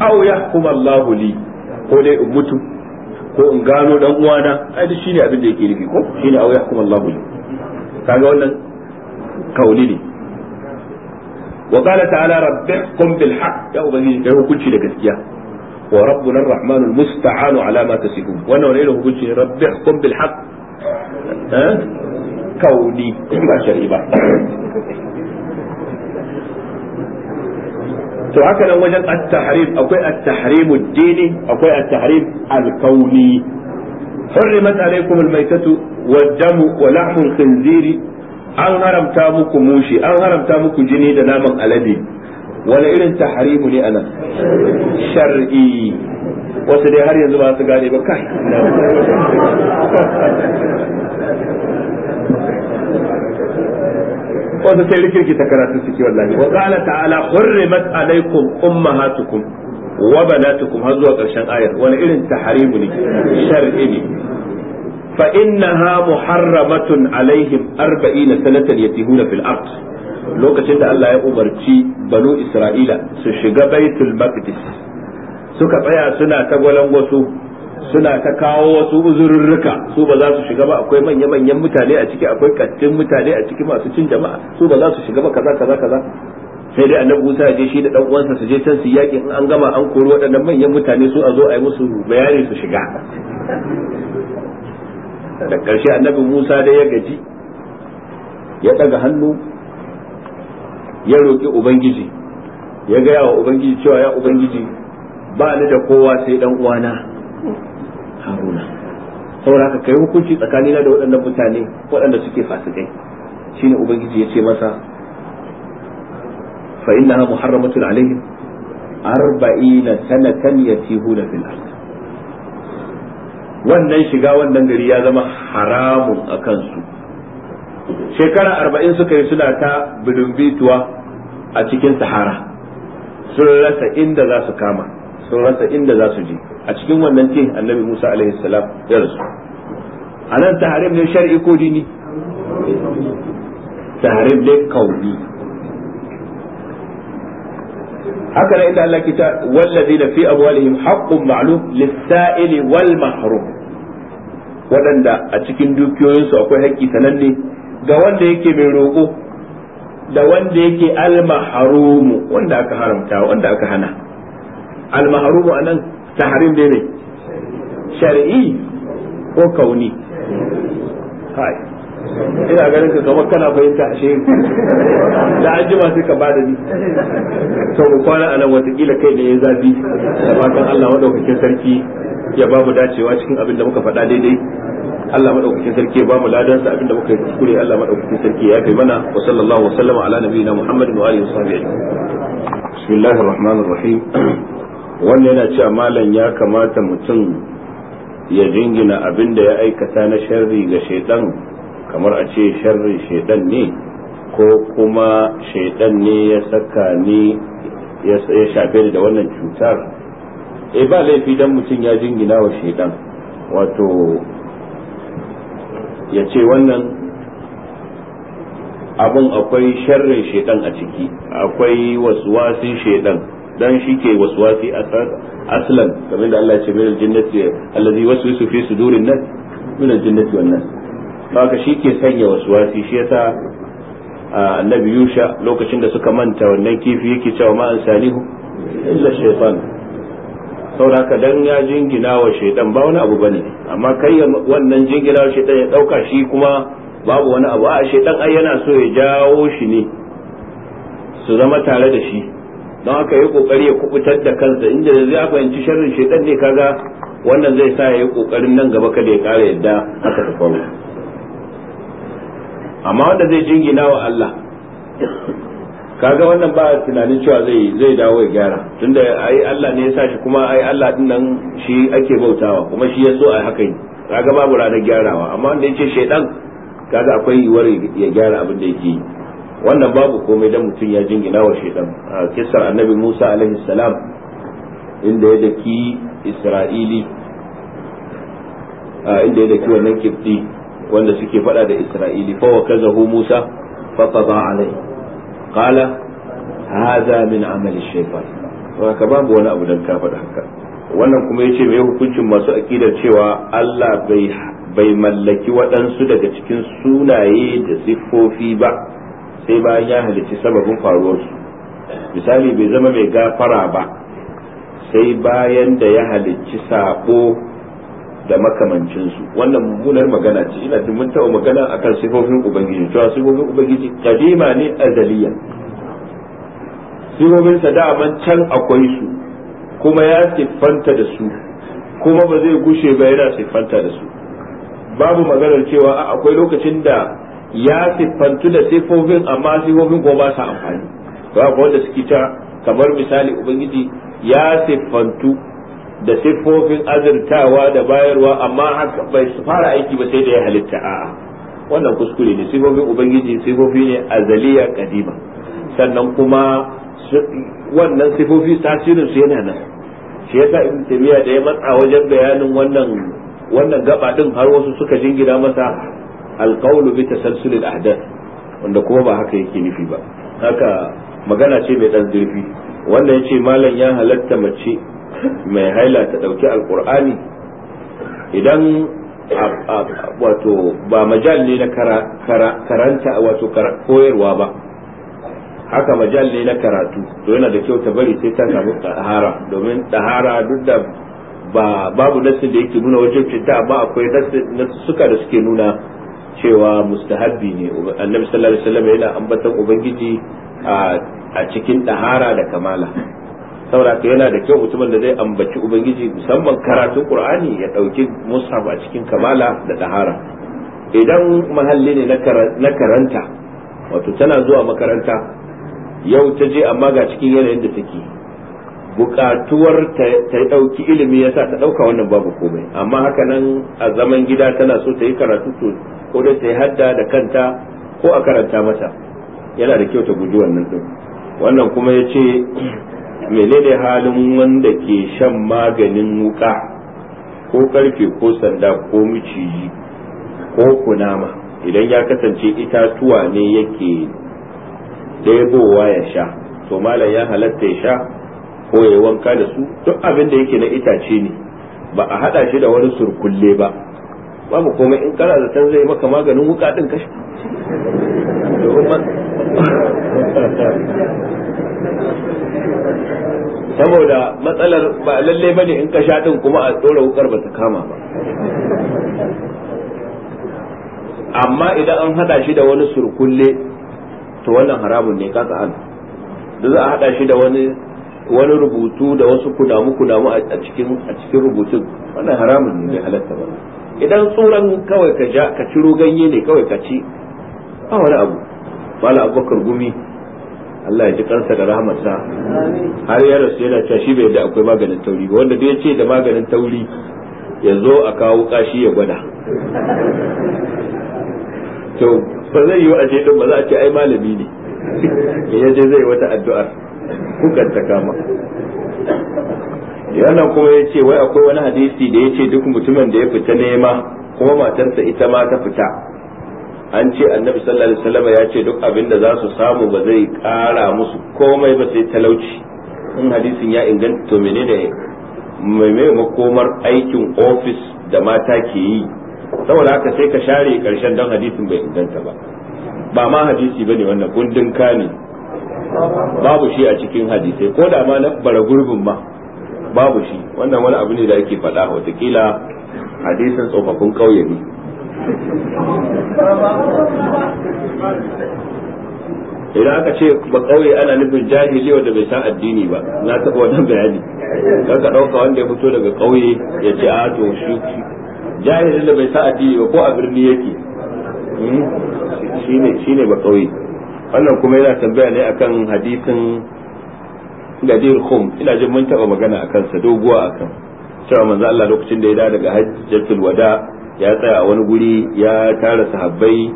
aw hukuma Allah li ko dai in mutu ko in gano dan uwana ai shine abin da yake nufi ko shine aw hukuma Allah li kaga wannan kauli ne wa qala ta'ala rabbikum bil haqq ya ubangiji kai hukunci da gaskiya wa rabbuna ar-rahmanu al-musta'anu ala ma tasifun wannan wani irin hukunci ne rabbikum bil haqq eh? kauli ba shari'i ba to haka nan wajen at-tahrim akwai at-tahrim ad-dini akwai at-tahrim al-kauni حرمت عليكم الميتة والدم ولحم الخنزير an haramta muku mushi an haramta muku jini da naman alade wani irin taharimu ne anan shar'i wasu dai har yanzu ba gane ba kai wasu sai rikirki ta karatu suke wallahi wa qala ta'ala hurrimat alaykum ummahatukum wa banatukum har zuwa karshen ayar wani irin taharimu ne shar'i ne fa innaha muharramatun alaihim arba'ina sanatan yatihuna fil ard lokacin da Allah ya umarci banu Isra'ila su shiga baitul maqdis suka tsaya suna ta wasu suna ta kawo wasu uzurrurruka su ba za su shiga ba akwai manya-manyan mutane a ciki akwai kattin mutane a ciki masu cin jama'a su ba za su shiga ba kaza kaza kaza sai dai annabi Musa ya je shi da dan uwansa su je can su yaki in an gama an kori waɗannan manyan mutane su a zo a yi musu bayani su shiga da ƙarshe annabi Musa da ya gaji ya ɗaga hannu ya roƙi ubangiji ya gaya wa ubangiji cewa ya ubangiji ba ni da kowa sai dan uwana haruna saboda haka kai hukunci tsakanina da waɗannan mutane waɗanda suke fasikai shine ubangiji ya ce masa fa innaha muharramatun alaihim arba'ina sanatan yatihuna fil ard wannan shiga wannan gari ya zama haramun a kansu shekara arba'in suka yi suna ta bidumbituwa a cikin sahara sun rasa inda za su kama sun rasa inda za su je a cikin wannan ce annabi musa alaihi salam ya rasu a nan taharim ne shar'i ko dini taharim ne kauni haka da ita Allah ke ta da fi abwalihim haqqun ma'lum lis-sa'ili wal mahrum waɗanda a cikin dukiyoyinsu akwai haƙƙi sananne ga wanda yake mai roƙo da wanda yake al-mahrumu wanda aka haramta wanda aka hana al-mahrumu anan tahrim ne ne shar'i ko kauni ina ganin ka kamar kana fahimta a shehu da an jima sai ka bada ni sau kwana a nan watakila kai ne ya zafi da fatan Allah madaukakin sarki ya ba mu dacewa cikin abin da muka faɗa daidai Allah madaukakin sarki ya ba mu ladan sa abin da muka yi kuskure Allah madaukakin sarki ya kai mana wa sallallahu wa sallama ala nabiyina Muhammadin wa alihi wa sahbihi bismillahir rahmanir rahim wannan yana cewa malam ya kamata mutum ya jingina abin da ya aikata na sharri ga shaitan kamar a ce sharri shaidan ne ko kuma shaidan ne ya saka ni ya shafe da wannan cutar e ba laifi dan mutum ya jingina wa shaidan wato ya ce wannan abin akwai sharrin shaidan a ciki akwai wasuwasin shaidan dan shi ke wasuwasi aslan kamar da Allah ya ce min aljinnati allazi waswisu fi sudurin nas min aljinnati wan nas haka shi ke sanya wasu wasi shi yasa annabi yusha lokacin da suka manta wannan kifi yake cewa ma an salihu illa shaytan saboda dan ya jingina wa shaytan ba wani abu bane amma kai wannan jingina wa shaytan ya dauka shi kuma babu wani abu a shaytan ai yana so ya jawo shi ne su zama tare da shi don haka yi kokari ya kubutar da kansa inda zai ya fahimci sharrin shaytan ne kaga wannan zai sa ya yi kokarin nan gaba kada ya kara yadda aka tafi amma wanda zai jingina wa Allah kaga wannan ba tunanin cewa zai zai dawo ya gyara tunda ai Allah ne ya sa shi kuma ai Allah din nan shi ake bautawa kuma shi ya so a haka yi kaga babu ranar gyarawa amma wanda yace shaidan kaga akwai yiwuwar ya gyara abin da yake yi wannan babu komai dan mutum ya jingina wa shaidan a kissar annabi Musa alaihi salam inda ya daki Isra'ili inda ya daki wannan kifti wanda suke faɗa da isra'ili fa wa hu musa fa qada alai qala hadha min amali shaytan haka babu wani abu dan ka faɗa haka wannan kuma yace me hukuncin masu akidar cewa Allah bai bai mallaki waɗansu daga cikin sunaye da siffofi ba sai bayan ya halicci sababin faruwarsu misali bai zama mai gafara ba sai bayan da ya halicci saƙo. da makamancinsu wannan mummunar magana ce ina jin mun taɓa magana akan sifofin ubangiji cewa sifofin ubangiji kadima ne azaliya sifofin sa daman can akwai su kuma ya siffanta da su kuma ba zai gushe ba yana siffanta da su babu maganar cewa a akwai lokacin da ya siffantu da sifofin amma sifofin ko ba sa amfani ba wanda suke ta kamar misali ubangiji ya siffantu da siffofin azurtawa da bayarwa amma haka bai su fara aiki ba sai da ya halitta a'a wannan kuskure ne siffofin ubangiji siffofi ne azaliya kadima sannan kuma wannan siffofi tasirin su yana nan shi yasa ibn taymiya da ya matsa wajen bayanin wannan wannan gaba din har wasu suka jingina masa alqawlu bi tasalsul ahdath wanda kuma ba haka yake nufi ba haka magana ce mai dan zurfi wanda yace malam ya halatta mace mai haila ta ɗauki alkur'ani idan wato ba majal ne na karanta wato koyarwa ba haka majal ne na karatu to yana da kyau ta bari sai ta samu ɗahara domin ɗahara duk da ba babu nassin da yake nuna wajen ta ba akwai suka da suke nuna cewa mustahabbi ne annabi sallallahu alaihi wasallam yana ambaton ubangiji a cikin ɗahara da kamala saboda yana da kyau mutumin da zai ambaci ubangiji musamman karatun qur'ani ya dauki mushaf a cikin kamala da dahara idan mahalli ne na karanta wato tana zuwa makaranta yau ta je amma ga cikin yanayin da take bukatuwar ta dauki ilimi yasa ta dauka wannan babu komai amma haka nan a zaman gida tana so ta yi karatu to ko dai ta yi hadda da kanta ko a karanta mata yana da kyau ta guji wannan din wannan kuma ya ce menene halin wanda ke shan maganin wuka ko karfe ko sanda ko miciji ko kunama idan ya kasance itatuwa ne yake ɗebowa ya sha to malam ya halatta ya sha ko ya wanka da su duk abin da yake na itace ne ba a hada shi da wani surkulle ba babu komai in kana zaton zai maka maganin wuka din kashi saboda matsalar ba lalle bane in ka sha din kuma a tsora wukar ba ta kama ba amma idan an hada shi da wani surkulle to wannan haramun ne ka an duk za a hada shi da wani wani rubutu da wasu kunamu kunamu a cikin a cikin rubutun wannan haramun ne da halatta ba idan tsoron kawai ka ja ka ciro ganye ne kawai ka ci ba wani abu mala abubakar gumi Allah ya ji kansa da rahmatsa har ya rasu yana cewa shi bai yadda akwai maganin tauri ba wanda duk ya ce da maganin tauri ya zo a kawo kashi ya gwada to ba zai yi wa aje din ba za a ce ai malami ne ya je zai wata addu'ar kukan ta kama yana kuma ya ce wai akwai wani hadisi da ya ce duk mutumin da ya fita nema kuma matarsa ita ma ta fita an ce annabi sallallahu alaihi wasallam ya ce duk abin da za su samu ba zai kara musu komai ba sai talauci in hadisin ya inganta to menene mai makomar aikin ofis da mata ke yi saboda haka sai ka share karshen don hadisin bai inganta ba ba ma hadisi bane wannan gundun kani babu shi a cikin hadisai ko da ma na bara gurbin ma babu shi wannan wani abu ne da ake faɗa watakila hadisin tsofaffin ƙauye ne idan aka ce ba kauye ana nufin jahili wanda bai san addini ba na taba wannan bayani kan ka ɗauka wanda ya fito daga kauye ya ce a ah, to shi jahilin da bai san addini ba ko a birni yake hmm? shine shine ba kauye wannan kuma yana tambaya ne akan hadisin gadir khum ina jin mun taɓa magana akan sa doguwa akan cewa manzo Allah lokacin da ya dawo daga hajjatul wada ya tsaya a wani guri ya tara sahabbai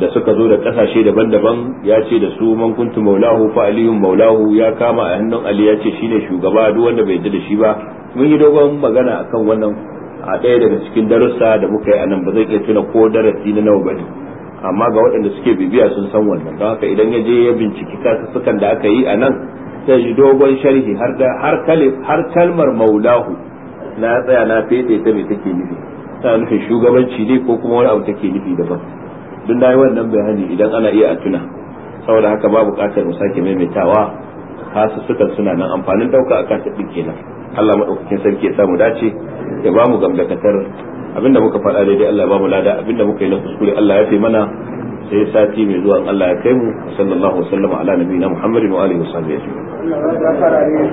da suka zo da kasashe daban-daban ya ce da su man kuntu maulahu fa aliyun maulahu ya kama a hannun ali ya ce shine shugaba duk wanda bai yadda da shi ba mun yi dogon magana akan wannan a ɗaya daga cikin darussa da muka yi a nan ba zai iya tuna ko darasi na nawa bane amma ga waɗanda suke bibiya sun san wannan don haka idan ya je ya binciki kasussukan da aka yi a nan sai ji dogon sharhi har kalmar maulahu na tsaya na fete ta me take nufi ta nufin shugabanci ne ko kuma wani abu take nufi daban duk da wannan bayani idan ana iya a tuna saboda haka ba buƙatar mu sake maimaitawa kasu suka suna nan amfanin dauka a kasa din kenan Allah madaukakin sarki ya samu dace ya ba mu gamdakatar abinda muka faɗa daidai Allah ya ba mu lada abinda muka yi na kuskure Allah ya fi mana sai sati mai zuwa Allah ya kai mu sallallahu alaihi wa sallam ala nabiyina Muhammadin wa alihi wa sahbihi